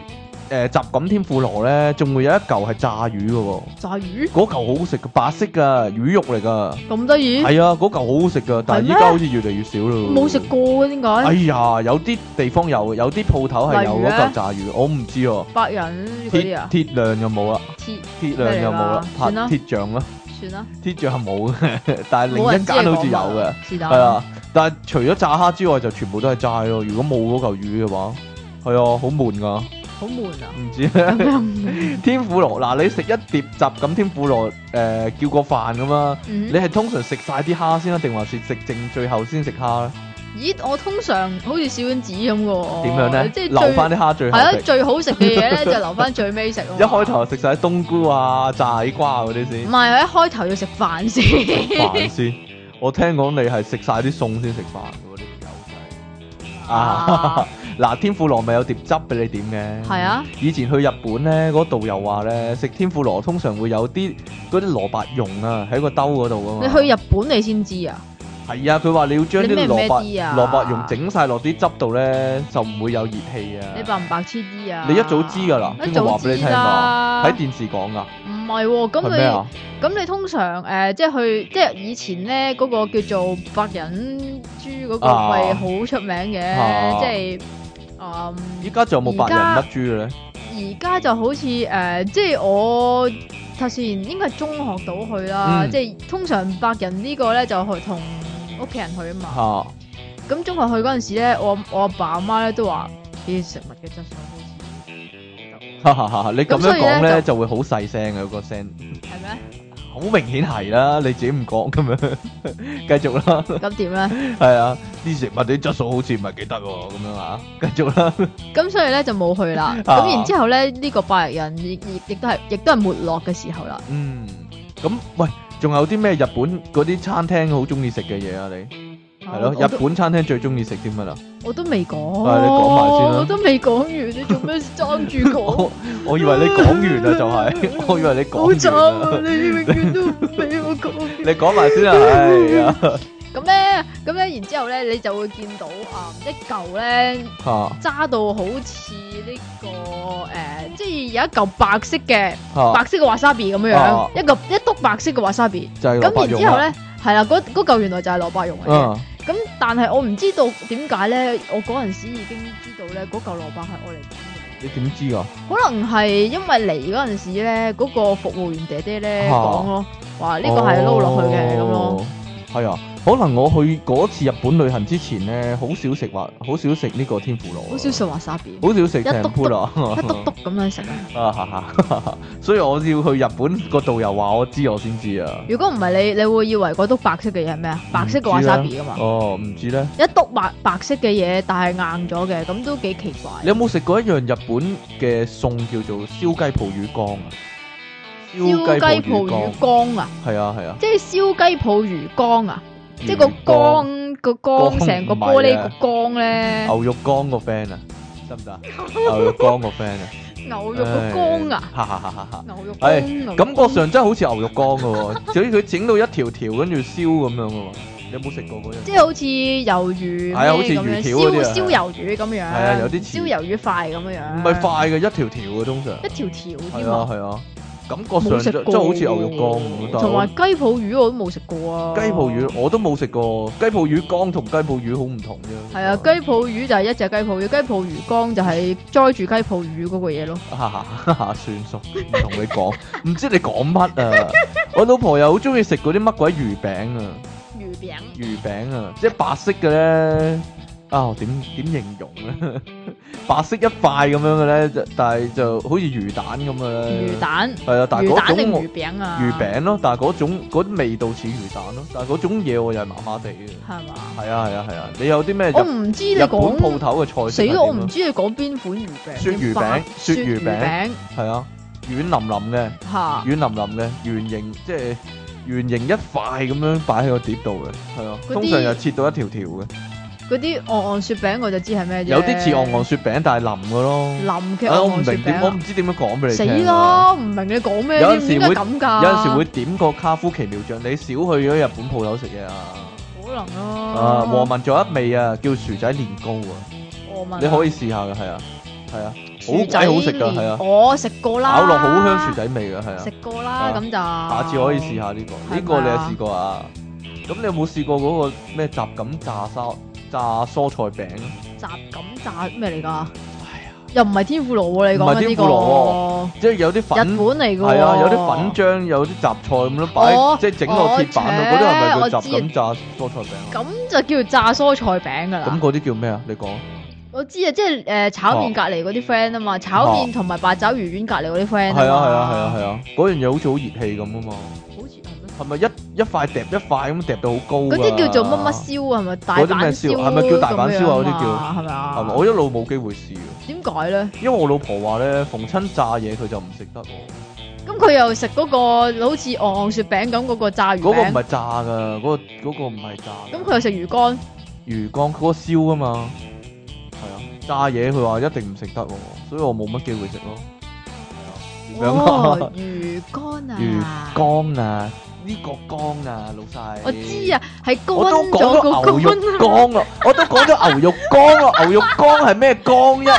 誒，雜錦天婦羅咧，仲會有一嚿係炸魚噶喎。炸魚？嗰嚿好好食，白色噶魚肉嚟噶。咁得意？係啊，嗰嚿好好食噶，但係依家好似越嚟越少咯。冇食過點解？哎呀，有啲地方有，有啲鋪頭係有嗰嚿炸魚，我唔知哦。白人啲啊，鐵量就冇啦，鐵鐵量又冇啦，拍鐵匠咯。算啦。鐵匠冇嘅，但係另一間都好似有嘅，係啊。但係除咗炸蝦之外，就全部都係炸咯。如果冇嗰嚿魚嘅話，係啊，好悶噶。.好悶啊！唔知 [LAUGHS] 天婦羅嗱，你食一碟雜咁天婦羅誒，叫個飯咁啊？嗯、哼你係通常食晒啲蝦先，啦，定還是食剩最後先食蝦咧？咦，我通常好似小丸子咁嘅、啊，點樣咧？即係留翻啲蝦最後食。係咯，最好食嘅嘢咧就留翻最尾食。 [LAUGHS] 啊、一開頭食晒冬菇啊、炸矮瓜嗰啲先。唔係、嗯啊，我一開頭要食飯 [LAUGHS] 先。飯先，我聽講你係食晒啲餸先食飯。啊！嗱， [LAUGHS] 天婦羅咪有碟汁俾你點嘅？係啊！以前去日本咧，嗰導遊話咧，食天婦羅通常會有啲嗰啲蘿蔔蓉啊，喺個兜嗰度啊嘛。你去日本你先知啊！係啊，佢話你要將啲蘿蔔蘿蔔蓉整晒落啲汁度咧，就唔會有熱氣啊！你白唔白痴啲啊？你一早知噶啦，邊個話俾你聽啊？喺電視講噶。唔係喎，咁你咁你通常誒，即係去即係以前咧，嗰個叫做白人豬嗰個係好出名嘅，即係誒。依家仲有冇白人乜豬嘅咧？而家就好似誒，即係我頭先，應該係中學到去啦。即係通常白人呢個咧就去同。屋企人去啊嘛，咁中學去嗰陣時咧，我我阿爸阿媽咧都話啲食物嘅質素好似，哈哈哈！你咁樣講咧就會好細聲啊個聲，係咩？好明顯係啦，你自己唔講咁樣，繼續啦。咁點咧？係啊，啲食物啲質素好似唔係幾得喎，咁樣啊，繼續啦。咁所以咧就冇去啦。咁然之後咧呢個白人亦亦都係亦都係沒落嘅時候啦。嗯，咁喂。仲有啲咩日本嗰啲餐廳好中意食嘅嘢啊？你係咯，日本餐廳最中意食啲乜呀？我都未講，你講埋先啦。我都未講完，你做咩爭住講？我以為你講完啦，就係，我以為你講完啦。你永遠都唔俾我講完。你講埋先啊！係啊。咁咧，咁咧，然之後咧，你就會見到啊，一嚿咧，揸到好似呢個。有一嚿白色嘅哈白色嘅 wasabi 咁樣樣，啊、一嚿一篤白色嘅 wasabi 咁，然之後咧係啦，嗰嚿，啊啊、原來就係蘿蔔蓉嚟嘅。咁、嗯、但係我唔知道點解咧，我嗰陣時已經知道咧，嗰嚿蘿蔔係我嚟。你點知㗎，啊？可能係因為嚟嗰陣時咧，嗰、嗰個服務員姐姐咧講咯，話呢哈、呢個係撈落去嘅咁咯，係、哦、啊。可能我去嗰次日本旅行之前咧，好少食華好少食呢個天婦羅。好少食華沙比。好少食一篤。一篤篤咁樣食啊！啊哈哈，所以我要去日本，個導遊話我知，我先知啊。如果唔係你，你會以為嗰篤白色嘅嘢係咩啊？白色嘅華沙比噶嘛？哦，唔知咧。一篤白白色嘅嘢，但係硬咗嘅，咁都幾奇怪。你有冇食過一樣日本嘅餸叫做燒雞泡魚缸啊？燒雞泡魚缸啊？係啊係啊，即係燒雞泡魚缸啊！即係個缸，個缸成個玻璃個缸咧，牛肉缸個 friend 啊，得唔得？牛肉缸個 friend 啊，牛肉個缸啊，哈哈哈哈！牛肉感覺上真係好似牛肉乾噶，所以佢整到一條條跟住燒咁樣噶，你有冇食過嗰樣？即係好似魷魚，係啊，好似魚條燒魷魚咁樣，係啊，有啲燒魷魚塊咁樣，唔係塊嘅，一條條嘅，通常一條條，係啊，係啊。感覺上即係好似牛肉乾，同埋雞泡魚我都冇食過啊！雞泡魚我都冇食過，雞泡魚乾同雞泡魚好唔同啫。係啊，雞泡魚就係一隻雞泡魚，雞泡魚乾就係栽住雞泡魚嗰個嘢咯。哈哈， [LAUGHS] 算數，唔同 [LAUGHS] 你講，唔知你講乜啊？我老婆又好中意食嗰啲乜鬼魚餅啊！魚餅餅，魚餅啊，即係白色嘅咧。啊，點點形容咧？白色一塊咁樣嘅咧，就但係就好似魚蛋咁嘅咧。魚蛋係啊，但係嗰種魚餅啊，魚餅咯，但係嗰種啲味道似魚蛋咯，但係嗰種嘢，我又係麻麻地嘅。係嘛？係啊係啊係啊！你有啲咩？我唔知你講。日本鋪頭嘅菜式死咯！我唔知你講邊款魚餅。鱈魚餅，鱈魚餅，係啊，軟腍腍嘅，吓，軟腍腍嘅，圓形，即係圓形一塊咁樣擺喺個碟度嘅，係啊，通常又切到一條條嘅。嗰啲暗暗雪餅我就知係咩啫，有啲似暗暗雪餅，但係淋嘅咯。淋嘅我唔明點，我唔知點樣講俾你聽。死咯，唔明你講咩？有陣時會咁噶，有陣時會點個卡夫奇妙醬。你少去咗日本鋪頭食嘢啊？可能啊。啊，和民仲有一味啊，叫薯仔年糕啊。和民，你可以試下㗎，係啊，係啊，薯仔好鬼好食噶，係啊。我食過啦，咬落好香薯仔味嘅，係啊。食過啦，咁就。下次可以試下呢個，呢個你有試過啊？咁你有冇試過嗰個咩雜錦炸沙？炸蔬菜餅咯，雜錦炸咩嚟噶？又唔係天婦羅喎，你講呢個？唔係天婦羅，即係有啲粉，日本嚟嘅係啊，有啲粉漿，有啲雜菜咁樣擺，即係整個鐵板咯。嗰啲係咪叫雜錦炸蔬菜餅啊？咁就叫炸蔬菜餅噶啦。咁嗰啲叫咩啊？你講。我知啊，即係誒炒麵隔籬嗰啲 friend 啊嘛，炒麵同埋白斬魚丸隔籬嗰啲 friend 啊係啊係啊係啊係啊，嗰樣嘢好似好熱氣咁啊嘛。係咪一一塊疊一塊咁疊到好高？嗰啲叫做乜乜燒啊？係咪大阪燒？係咪叫大阪燒啊？嗰啲叫係咪啊？我一路冇機會試。點解咧？因為我老婆話咧，逢親炸嘢佢就唔食得。咁佢又食嗰個好似旺旺雪餅咁嗰個炸魚。嗰個唔係炸噶，嗰個嗰個唔係炸。咁佢又食魚乾。魚乾嗰個燒噶嘛？係啊，炸嘢佢話一定唔食得，所以我冇乜機會食咯。點樣啊？魚乾啊？魚乾啊？呢個缸啊，老細，我知啊，係幹咗個牛肉缸咯，我都講咗牛肉缸咯，牛肉缸係咩缸啫？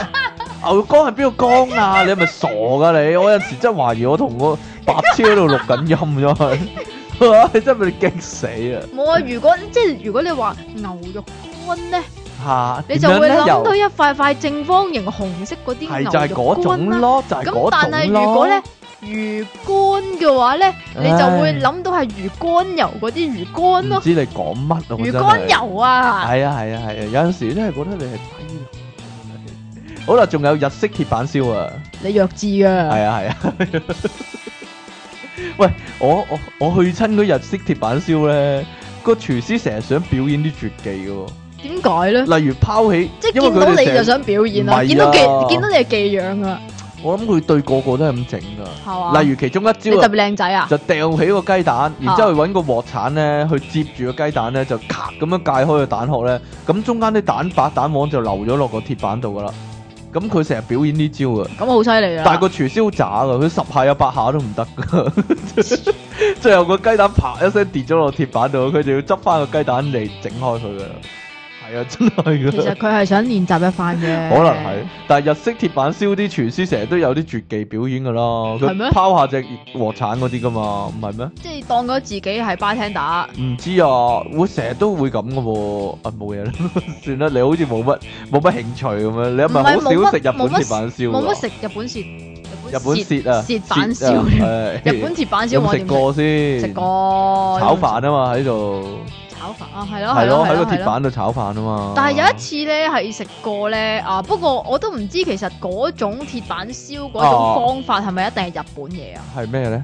牛肉缸係邊個缸啊？你係咪傻噶你？我有陣時真係懷疑我同個白痴喺度錄緊音咗佢，你真係俾你激死啊！冇啊，如果即係如果你話牛肉乾咧，嚇，你就會諗到一塊塊正方形紅色嗰啲，就係嗰種咯，就係嗰種咯。咁但係如果咧？魚肝嘅話咧，你就會諗到係魚肝油嗰啲魚肝咯，啊。唔知你講乜咯？魚肝油啊！係啊係啊係啊，啊！有陣時真係覺得你係低啊！好啦，仲有日式鐵板燒啊！你弱智噶！係啊係啊！啊 [LAUGHS] 喂，我我我去親嗰日式鐵板燒咧，個廚師成日想表演啲絕技噶。點解咧？例如拋起，即係是見到你，常你就想表演啊，啊見到見見到你係技癢啊！我諗佢對個個都係咁整噶，吧例如其中一招特別靚仔，啊、就掉起個雞蛋，吧然之後揾個鑊鏟呢，去接住個雞蛋呢，就咔咁樣解開個蛋殼呢。咁中間啲蛋白蛋黃就流咗落個鐵板度噶啦。咁佢成日表演呢招啊，咁好犀利啊！但係個廚師好渣噶，佢十下有八下都唔得噶， [LAUGHS] [LAUGHS] 最後個雞蛋啪一聲跌咗落鐵板度，佢就要執翻個雞蛋嚟整開佢噶啦。 [LAUGHS] 其實佢係想練習一番嘅， [LAUGHS] 可能係。但係日式鐵板燒啲廚師成日都有啲絕技表演噶啦，佢拋嗎下隻鑊鏟嗰啲噶嘛，唔係咩？即係當咗自己係擺廳打。唔知啊，會成日都會咁噶喎，啊冇嘢啦，算啦。你好似冇乜冇乜興趣咁樣，你係咪好少食日本鐵板燒？冇乜食日本鐵日本鐵啊鐵板燒，日本鐵鮮板燒食過先？食過炒飯啊嘛喺度。炒飯啊，係咯，係咯，喺個鐵板度炒飯啊嘛。但係有一次咧，係食過咧啊，不過我都唔知其實嗰種鐵板燒嗰種方法係咪一定係日本嘢啊？係咩咧？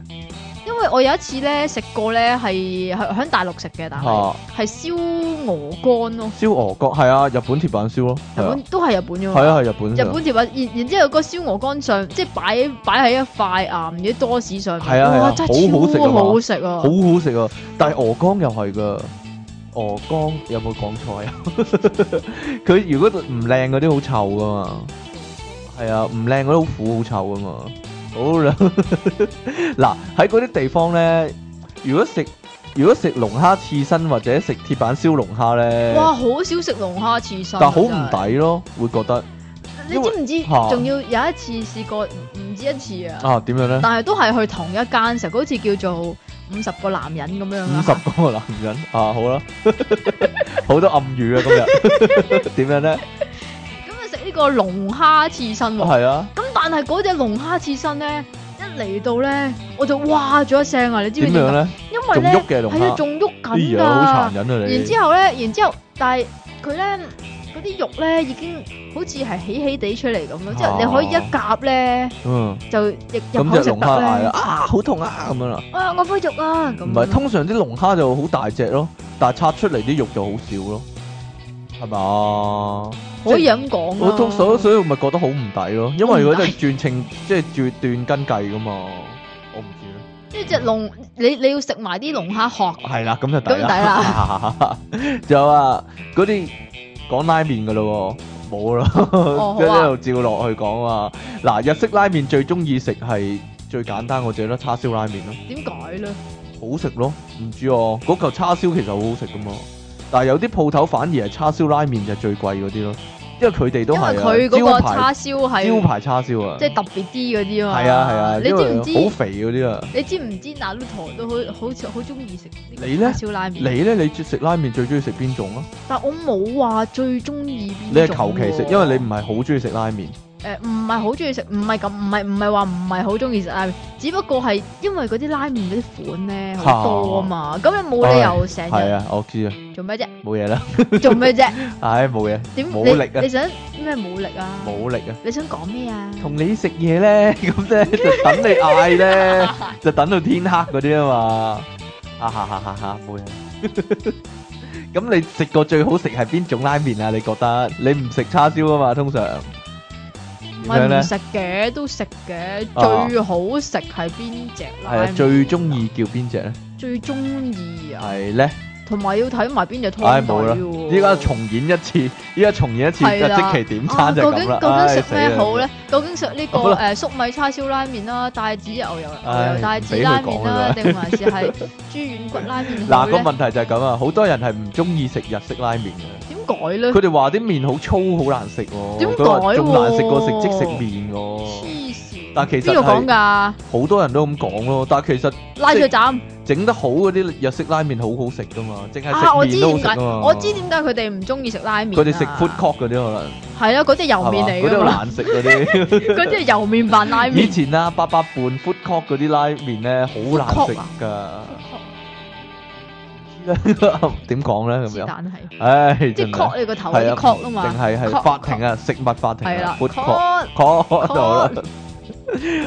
因為我有一次咧食過咧，係係喺大陸食嘅，但係係燒鵝肝咯。燒鵝肝係啊，日本鐵板燒咯，日本都係日本嘅。係啊，係日本。日本鐵板然然之後個燒鵝肝上，即係擺擺喺一塊啊唔知多士上。係啊係啊，真係好好食，好好食，啊。好好食啊！但係鵝肝又係噶。鵝肝、哦、有冇講錯啊？佢如果唔靚嗰啲好臭噶嘛？係啊，唔靚嗰啲好苦好臭噶嘛。好 [LAUGHS] 啦，嗱喺嗰啲地方咧，如果食如果食龍蝦刺身或者食鐵板燒龍蝦咧，哇，好少食龍蝦刺身，啊，但係好唔抵咯，會覺得你知唔知？仲為、啊、要有一次試過唔止一次啊？啊，點樣咧？但係都係去同一間食，好似叫做。五十個男人咁樣，五十個男人啊，好啦，好 [LAUGHS] 多暗語啊 [LAUGHS] 樣 [LAUGHS] 今日，點樣咧？咁啊食呢個龍蝦刺身，係啊，咁但係嗰隻龍蝦刺身咧，一嚟到咧，我就哇咗一聲啊！你知唔知點解？因為咧，喐嘅，係啊，仲喐緊啊。好殘忍啊你！然之後咧，然之後，但係佢咧。嗰啲肉咧，已經好似係起起地出嚟咁樣即係你可以一夾咧，就亦入口食得咧，啊，好痛啊咁樣啦，啊，我塊肉啊，唔係，通常啲龍蝦就好大隻咯，但係拆出嚟啲肉就好少咯，係嘛？可以咁講啊，我所所以咪覺得好唔抵咯，因為如果真係轉稱，即係斷斤計噶嘛，我唔知咧。即係隻龍，你你要食埋啲龍蝦殼，係啦，咁就抵啦，就啊，嗰啲。講拉麵嘅咯，冇啦，即係、哦、 [LAUGHS] 一路照落去講、哦、啊！嗱，日式拉麵最中意食係最簡單，嗰隻咯叉燒拉麵咯。點解咧？好食咯，唔知哦。嗰嚿叉燒其實好好食噶嘛，但係有啲鋪頭反而係叉燒拉麵就最貴嗰啲咯。因為佢哋都係、啊，因為佢嗰個叉燒係招牌叉燒啊，即係特別啲嗰啲啊，係啊係啊，啊你知唔知好肥嗰啲啊？你知唔知？Naruto 都好，好似好中意食呢啲。你咧？你咧？你食拉麵最中意食邊種啊？但我冇話最中意邊種。你係求其食，因為你唔係好中意食拉麵。誒，唔係好中意食，唔係咁，唔係唔係話唔係好中意食拉麵，只不過係因為嗰啲拉麵嗰啲款咧好多啊嘛，咁你冇理由食。係啊，我知啊。做咩啫？冇嘢啦，做咩啫？唉，冇嘢。點冇力啊？你想咩冇力啊？冇力啊？你想講咩啊？同你食嘢咧，咁啫就等你嗌咧，就等到天黑嗰啲啊嘛。啊哈哈哈！冇嘢。咁你食過最好食係邊種拉麵啊？你覺得？你唔食叉燒啊嘛？通常。唔係唔食嘅，都食嘅。最好食係邊隻咧？最中意叫邊隻咧？最中意啊係咧？同埋要睇埋邊隻湯底。依家重演一次，依家重演一次，即期點餐究竟，究竟食咩好咧？究竟食呢個誒粟米叉燒拉麵啦，帶子牛油，帶子拉麵啦，定還是係豬軟骨拉麵？嗱，個問題就係咁啊！好多人係唔中意食日式拉麵嘅。佢哋話啲麵好粗，好難食喎。點解喎？仲難食過食即食麵喎。黐線。但係其實係好多人都咁講咯。但係其實拉佢斬整得好嗰啲日式拉麵好好食噶嘛，即係食麵都好食啊嘛。我知點解佢哋唔中意食拉麵。佢哋食福岡嗰啲可能係啊，嗰啲油麵嚟㗎嘛，好難食嗰啲。嗰啲油麵拌拉麵。以前啦，八八半福岡嗰啲拉麵咧，好難食㗎。點講咧咁樣？唉，即係 call 你個頭係啊，call 啊嘛，定係係法庭啊，食物法庭係啦，call call call 到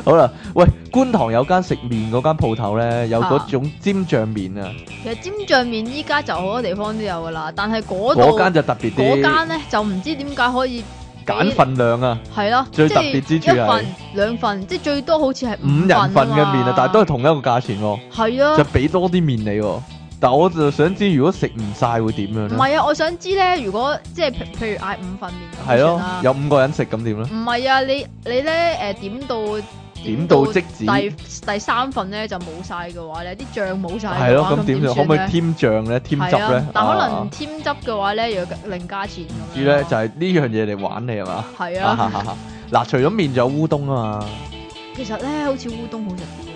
好啦。喂，觀塘有間食麵嗰間鋪頭咧，有嗰種尖醬麵啊。其實尖醬麵依家就好多地方都有噶啦，但係嗰嗰間就特別啲。嗰間咧就唔知點解可以揀份量啊？係咯，最特別之處係一份兩份，即係最多好似係五人份嘅麵啊，但係都係同一個價錢喎。係啊，就俾多啲麵你。但我就想知，如果食唔曬會點樣咧？唔係啊，我想知咧，如果即係譬如嗌五份麵，係咯，有五個人食咁點咧？唔係啊，你你咧誒點到點到即止？第第三份咧就冇曬嘅話咧，啲醬冇曬嘅話，係咯，咁點咧？可唔可以添醬咧？添汁咧？但可能添汁嘅話咧，又要另加錢。主要咧就係呢樣嘢嚟玩你係嘛？係啊，嗱，除咗麵就有烏冬啊嘛。其實咧，好似烏冬好食。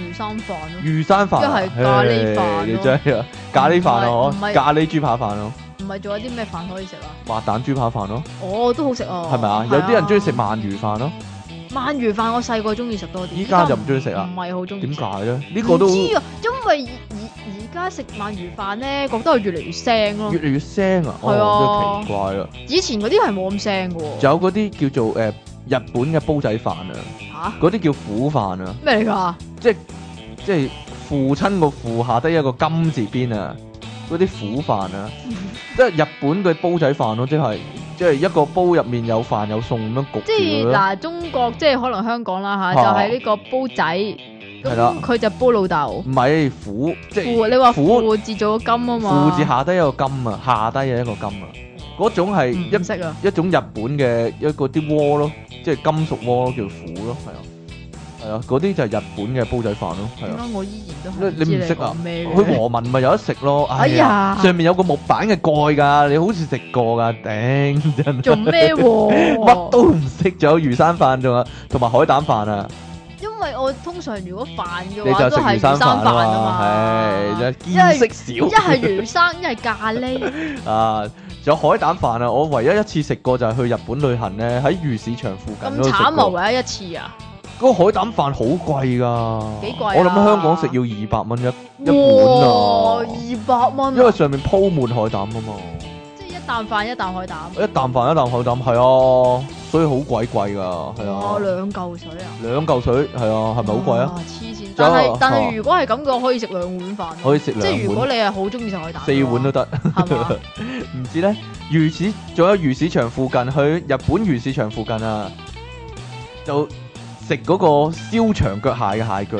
魚生飯，魚生飯，都係咖喱飯，真係啊！咖喱飯啊，嗬，咖喱豬扒飯咯。唔係仲有啲咩飯可以食啊？滑蛋豬扒飯咯。哦，都好食啊。係咪啊？有啲人中意食鰻魚飯咯。鰻魚飯我細個中意食多啲，依家就唔中意食啦。唔係好中意，點解咧？呢個都知啊！因為而而家食鰻魚飯咧，覺得係越嚟越腥咯。越嚟越腥啊！係啊，奇怪啦。以前嗰啲係冇咁腥嘅。有嗰啲叫做誒。日本嘅煲仔飯啊，嗰啲、啊、叫苦飯啊，咩嚟噶？即係即係父親個父下低一個金字邊啊，嗰啲苦飯啊， [LAUGHS] 即係日本嘅煲仔飯咯、啊，即係即係一個煲入面有飯有餸咁樣焗即咯、啊。嗱、啊，中國即係可能香港啦吓，啊啊、就係呢個煲仔，咁佢的就煲老豆。唔係苦，即係你話苦父字做左金啊嘛，苦字下低一個金啊，下低有一個金啊。嗰種係一唔識啊，一種日本嘅一個啲鍋咯，即係金屬鍋咯，叫釜咯，係啊，係啊，嗰啲就係日本嘅煲仔飯咯，係啊。我依然都唔知你唔識啊。佢和民咪有得食咯。哎呀，上面有個木板嘅蓋㗎，你好似食過㗎，頂。做咩喎？乜都唔識，仲有魚生飯仲啊，同埋海膽飯啊。我通常如果飯嘅話都係魚生飯啊嘛，一係一係魚生，一係咖喱。 [LAUGHS] 啊，仲有海膽飯啊！我唯一一次食過就係去日本旅行咧，喺魚市場附近都食過。咁慘啊！唯一一次啊！嗰個海膽飯好貴㗎，幾貴、啊、我諗香港食要二百蚊一哇一碗啊！二百蚊，因為上面鋪滿海膽啊嘛。一啖飯一啖海膽，一啖飯一啖海膽係啊，所以好鬼貴噶，係啊。哦、啊，兩嚿水啊！兩嚿水係啊，係咪好貴啊？黐線、啊！但係有但係，如果係咁嘅，可以食兩碗飯、啊。可以食兩，即係如果你係好中意食海膽，四碗都得。唔吧 [LAUGHS] 知咧，魚市仲有魚市場附近，去日本魚市場附近啊，就食嗰個燒長腳蟹嘅蟹腳，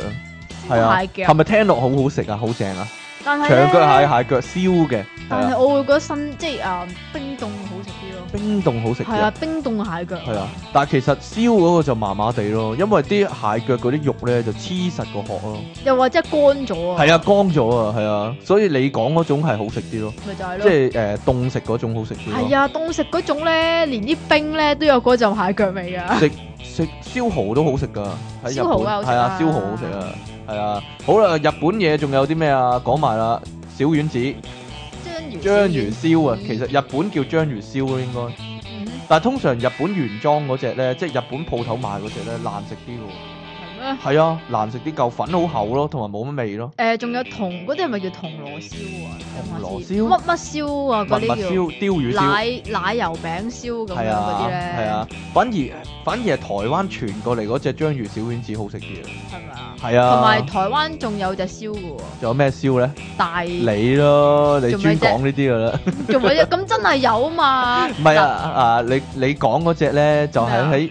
係啊，係咪聽落好好食啊，好正啊！長腳蟹腳蟹腳燒嘅，但係我會覺得新即係啊冰凍好食啲咯，冰凍好食係啊冰凍蟹腳係啊,啊，但係其實燒嗰個就麻麻地咯，因為啲蟹腳嗰啲肉咧就黐實個殼咯，又或者乾咗啊，係啊乾咗啊係啊，所以你講嗰種係好食啲咯，咪就係咯，即係誒凍食嗰種好食啲咯，係啊凍食嗰種咧連啲冰咧都有嗰陣蟹腳味噶，食食燒蚝都好食噶喺日本係啊燒蚝好食啊。係啊，好啦，日本嘢仲有啲咩啊？講埋啦，小丸子、章魚燒啊，其實日本叫章魚燒啊，應該。嗯、但係通常日本原裝嗰隻呢，即係日本鋪頭賣嗰隻呢，難食啲嘅。係啊，難食啲舊粉好厚咯，同埋冇乜味咯。誒，仲有銅嗰啲係咪叫銅鑼燒啊？銅鑼燒，乜乜燒啊？嗰啲叫乜乜燒？鯛魚燒奶奶油餅燒咁樣嗰啲咧。係啊，反而反而係台灣傳過嚟嗰隻章魚小丸子好食啲啊。係咪啊？係啊。同埋台灣仲有隻燒噶。仲有咩燒咧？大李咯，你專講呢啲噶啦。仲唔係啊？咁真係有嘛？唔係啊啊！你你講嗰隻咧就係喺。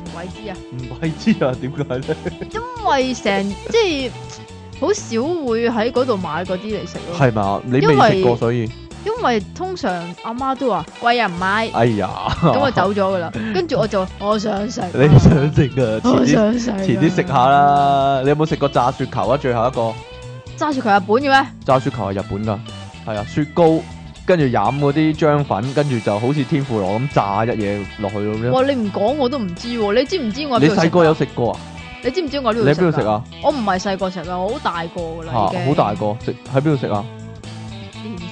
鬼知啊！唔鬼知啊！點解咧？因為成 [LAUGHS] 即係好少會喺嗰度買嗰啲嚟食咯。係嘛，你未食過所以。因為通常阿媽都話貴人唔買，哎呀，咁我走咗噶啦。跟住我就我想食，你想食啊？我想食，啊，遲啲食下啦。你有冇食過炸雪球啊？最後一個。炸雪球日本嘅咩？炸雪球係日本噶，係啊，雪糕。跟住飲嗰啲漿粉，跟住就好似天婦羅咁炸一嘢落去咁樣。哇！你唔講我都唔知，你知唔知我喺邊度食啊？你細個有食過啊？你知唔知我呢度？你喺邊度食啊？我唔係細個食啊，好大個啦好大個，食喺邊度食啊？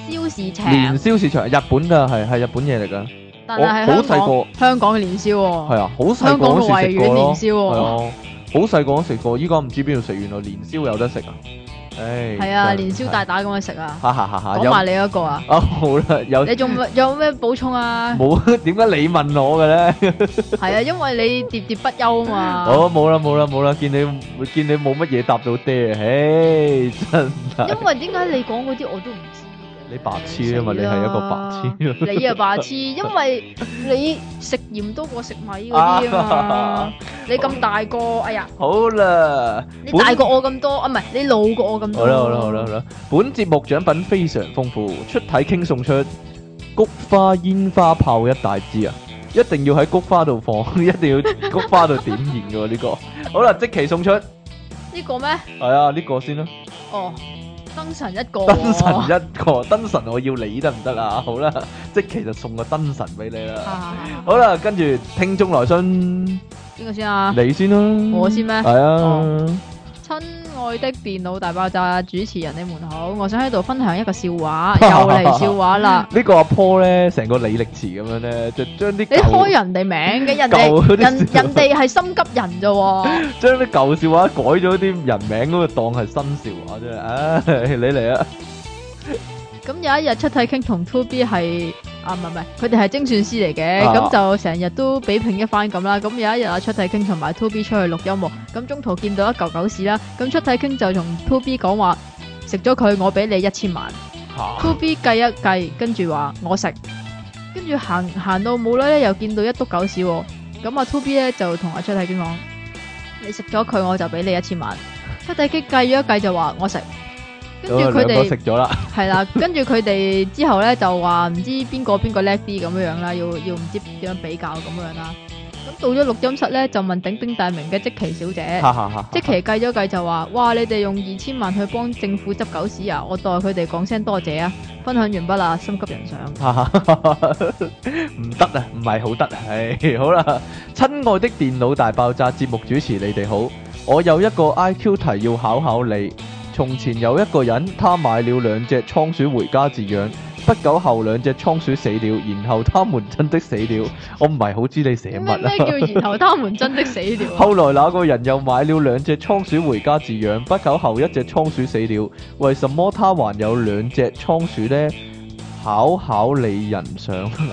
年宵市場。年宵市場，日本噶係係日本嘢嚟噶但係係香港，香港嘅年宵。係啊，好細個我食過咯。係啊，好細個我食過。依個唔知邊度食，原來年宵有得食啊！係、哎、啊，不連燒大打咁去食啊！哈哈，哈哈，講埋說完 有你嗰個啊！哦、啊，好啦，有你仲有咩補充啊？冇啊，點解你問我嘅咧？係 [LAUGHS] 啊，因為你喋喋不休啊嘛！ [LAUGHS] 哦，冇啦冇啦冇啦，見你見你冇乜嘢答到爹，啊。唉，真因為點解你講嗰啲我都唔知。你白痴啊嘛！你係一個白痴，你呀白痴，因為你食鹽多過食米嗰啲啊嘛！你咁大個，哎呀！好啦，你大過我咁多啊？唔係，你老過我咁多。好啦好啦好啦好啦！本節目獎品非常豐富，出體 king 送出菊花煙花炮一大支啊！一定要喺菊花度放，一定要菊花度點燃嘅呢個。好啦，積淇送出呢個咩？係啊，呢個先啦。哦。燈神一個哦，燈神一個，燈神我要你得唔得啊？好啦，即係其實送個燈神俾你啦。啊、好啦，跟住聽眾來信，邊個先啊？你先囉，我先咩？係啊，親、哦。愛的電腦大爆炸，主持人你們好，我想喺度分享一個笑話， [LAUGHS] 又嚟笑話啦。個 Paul 呢個阿婆咧，成個李力持咁樣咧，就將啲你開人哋名嘅人，人，人人哋係心急人咋，將啲舊笑話改咗啲人名咁啊，當係新笑話啫。唉 [LAUGHS] 吧，你嚟啊！咁有一日出體 King 同 Toby 係。啊，唔係唔係，佢哋係精算師嚟嘅，咁、啊、就成日都比拼一番咁啦。咁有一日阿、啊、出體 king 同埋 Toby 出去錄音樂，咁、啊、中途見到一嚿狗屎啦，咁、啊、出體 king 就同 Toby 講，話食咗佢，我俾你一千萬。To、啊、by 計一計，跟住話我食，跟住行，行到冇耐咧又見到一篤狗屎，咁啊 Toby 咧就同阿出體 king 講，你食咗佢，我就俾你一千萬。出體 king 計咗一計就話我食。跟住佢哋食咗啦，係啦。跟住佢哋之後咧，就話唔知邊個邊個叻啲咁樣啦，要要唔知點樣比較咁樣啦、啊。咁到咗錄音室咧，就問鼎鼎大名嘅積淇小姐，積淇計咗計就話，哇，你哋用二千萬去幫政府執狗屎啊！我代佢哋講聲多謝啊！分享完畢啦，心急人上。唔得啊，唔係好得。唉，好啦，親愛的電腦大爆炸節目主持，你哋好，我有一個 IQ 題要考考你。從前有一個人，他買了兩隻倉鼠回家飼養。不久後，兩隻倉鼠死了，然後他們真的死了。我唔係好知你寫乜啊？咩叫然後他們真的死了啊？ [LAUGHS] 後來那個人又買了兩隻倉鼠回家飼養。不久後，一隻倉鼠死了。為什麼他還有兩隻倉鼠呢？考考你人上。 [LAUGHS] [LAUGHS]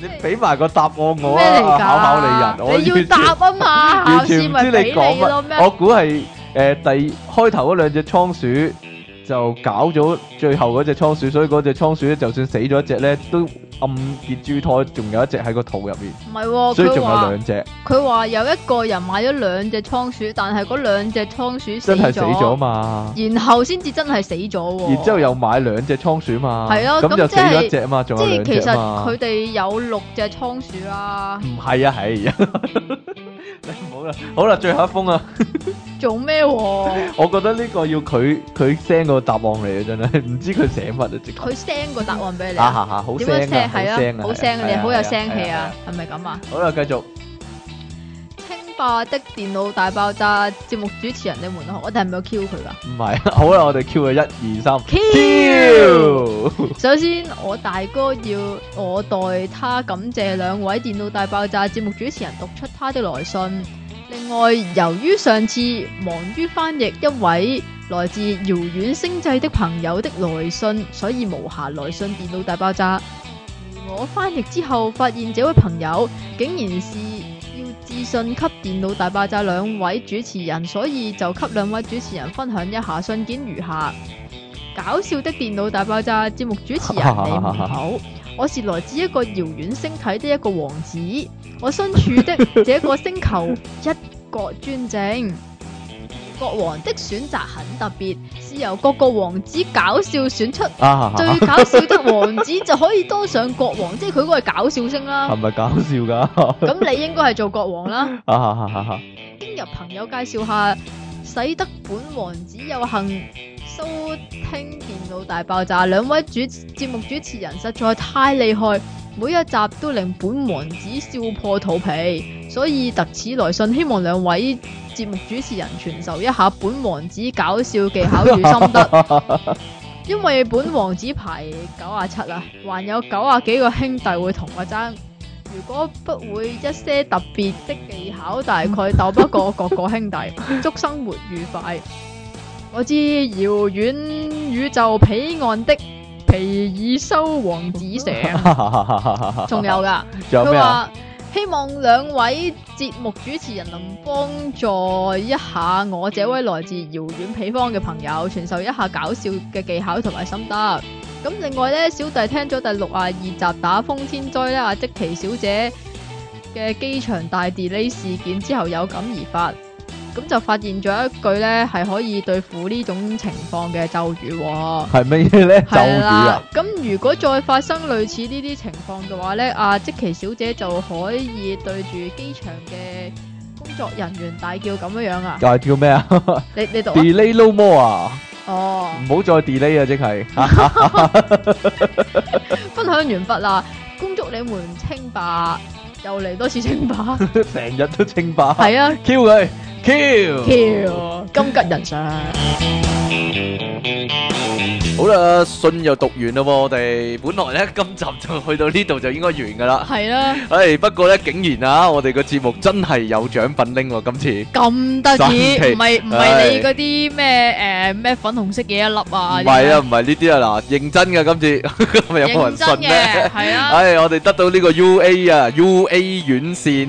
你俾埋個答案我啊，考考你人。我要答啊嘛，完全唔 [LAUGHS] 知道你講乜。是了，我估係誒第，開頭嗰兩隻倉鼠。就搞咗最後嗰隻倉鼠，所以嗰隻倉鼠咧，就算死咗一隻咧，都暗結豬胎，仲有一隻喺個肚入邊，唔係喎，所以仲有兩隻。佢話有一個人買咗兩隻倉鼠，但係嗰兩隻倉鼠真係死咗啊嘛？然後先至真係死咗。然之後又買兩隻倉鼠嘛？係啊，咁即係一隻啊嘛，仲有兩隻，其實佢哋有六隻倉鼠啊。唔係啊，係啊，你唔好啦，好啦，最後一封啊，做咩？我覺得呢個要佢佢 send 個。答案嚟真係，唔知佢寫乜啊！即佢 send 個答案俾你。啊吓吓，好 send 噶，係咯，好 send，你好有聲氣啊，係咪咁啊？好啦，繼續。清霸的電腦大爆炸節目主持人你們，我哋係咪要 Q 佢噶？唔係，好啦，我哋 Q 佢一二三。Q，首先我大哥要我代他感謝兩位電腦大爆炸節目主持人，讀出他的來信。另外，由於上次忙於翻譯一位來自遙遠星際的朋友的來信，所以無暇來信電腦大爆炸。而我翻譯之後，發現這位朋友竟然是要致信給電腦大爆炸兩位主持人，所以就給兩位主持人分享一下信件如下。搞笑的電腦大爆炸節目主持人， [LAUGHS] 你好。我是來自一個遙遠星體的一個王子，我身處的這個星球一國專政， [LAUGHS] 國王的選擇很特別，是由各個王子搞笑選出， [LAUGHS] 最搞笑的王子就可以當上國王， [LAUGHS] 即係佢都係搞笑星啦。係咪搞笑噶？咁 [LAUGHS] 你應該係做國王啦。 [LAUGHS] [LAUGHS] 今日朋友介紹下，使得本王子有幸。都聽電腦大爆炸，兩位主節目主持人實在太厲害，每一集都令本王子笑破肚皮，所以特此來信，希望兩位節目主持人傳授一下本王子搞笑技巧與心得。 [LAUGHS] 因為本王子排九啊七啊，還有九啊幾個兄弟會同我爭，如果不會一些特別的技巧，大概鬥不過各個兄弟。 [LAUGHS] 祝生活愉快。我知遙遠宇宙彼岸的皮爾修王子城，仲有噶。佢話希望兩位節目主持人能幫助一下我這位來自遙遠彼方嘅朋友，傳授一下搞笑嘅技巧同埋心得。咁另外咧，小弟聽咗第六啊二集打風天災咧，阿即奇小姐嘅機場大地 e 事件之後有感而發。咁就發現咗一句咧，係可以對付呢種情況嘅咒語。係咩咧？咒語啊！咁如果再發生類似呢啲情況嘅話咧，啊，積淇小姐就可以對住機場嘅工作人員大叫咁樣樣啊！大叫咩啊？你你讀 Delay no more 啊！哦，唔好再 Delay 啊！即係，分享完畢啦，恭祝你們清白，又嚟多次清白，成日都清白，係啊，Q 佢。Q Q 金吉人上！好啦，信又讀完啦，我哋本來咧今集就去到呢度就應該完噶啦。係啦，誒不過咧竟然啊，我哋個節目真係有獎品拎喎，今次咁得意，唔係唔係你嗰啲咩誒咩粉紅色嘅一粒啊？唔係啊，唔係呢啲啊，嗱認真噶今次，咪有冇人信咧？係啊，誒我哋得到呢個 U A 啊，U A 院線。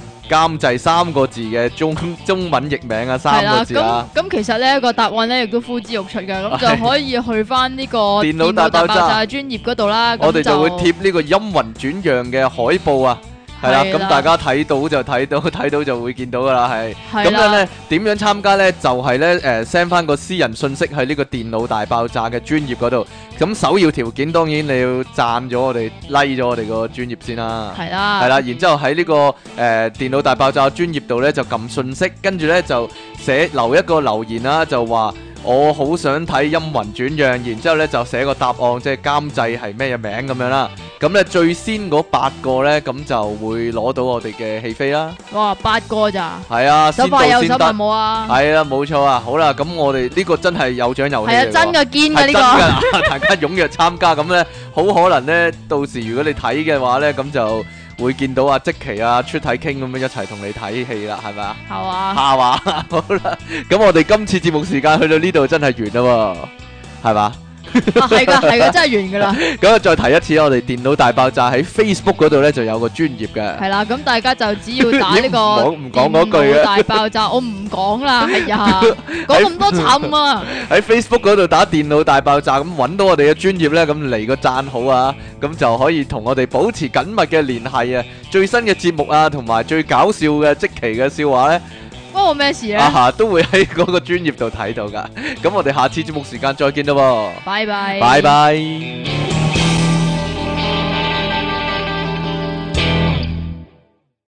監製三個字嘅中中文譯名啊，三個字啦、啊。咁、嗯嗯嗯、其實呢個答案呢，亦都呼之欲出嘅，咁、嗯、就可以去翻呢,呢,、就是呢呃、個電腦大爆炸專業嗰度啦。我哋就會貼呢個陰魂轉陽嘅海報啊，係啦，咁大家睇到就睇到，睇到就會見到噶啦，係。咁樣呢點樣參加呢？就係呢誒，send 翻個私人信息喺呢個電腦大爆炸嘅專業嗰度。咁首要條件當然你要讚咗我哋 like 咗我哋個專業先啦，係啦，係 [MUSIC] 啦，然之後喺呢、這個誒、呃、電腦大爆炸專業度呢就撳信息，跟住呢就寫留一個留言啦，就話，我好想睇陰雲轉讓，然之後咧就寫個答案，即係監製係咩嘢名咁樣啦。咁咧最先嗰八個咧，咁就會攞到我哋嘅戲飛啦。哇，八個咋？係啊，手快有，手慢冇啊。係啦，冇錯啊。好啦，咁我哋呢個真係有獎遊戲嚟噶。係真嘅堅嘅呢個。大家踴躍參加，咁咧好可能咧，到時如果你睇嘅話咧，咁就。會見到阿積淇啊，出體 king 咁樣一齊同，一同你睇戲啦，係咪啊？好啊，下話，好啦，咁、 [LAUGHS] 嗯、我哋今次節目時間去到呢度真係完啦，係嘛？係噶，係噶、 [LAUGHS] 啊，真係完噶啦！咁啊，再提一次，我哋電腦大爆炸喺 Facebook 嗰度呢就有個專頁嘅。係啦，咁大家就只要打呢個。講唔講嗰句啊？大爆炸，我唔講啦，係、哎、呀，講咁多慘啊！喺 [LAUGHS] [LAUGHS] Facebook 嗰度打電腦大爆炸，咁搵到我哋嘅專頁呢，咁嚟個讚好啊，咁就可以同我哋保持緊密嘅聯繫啊！最新嘅節目啊，同埋最搞笑嘅即期嘅笑話呢。關我咩事咧？啊哈，都會喺嗰個專業度睇到噶。咁 [LAUGHS] 我哋下次節目時間再見啦，拜拜！拜拜！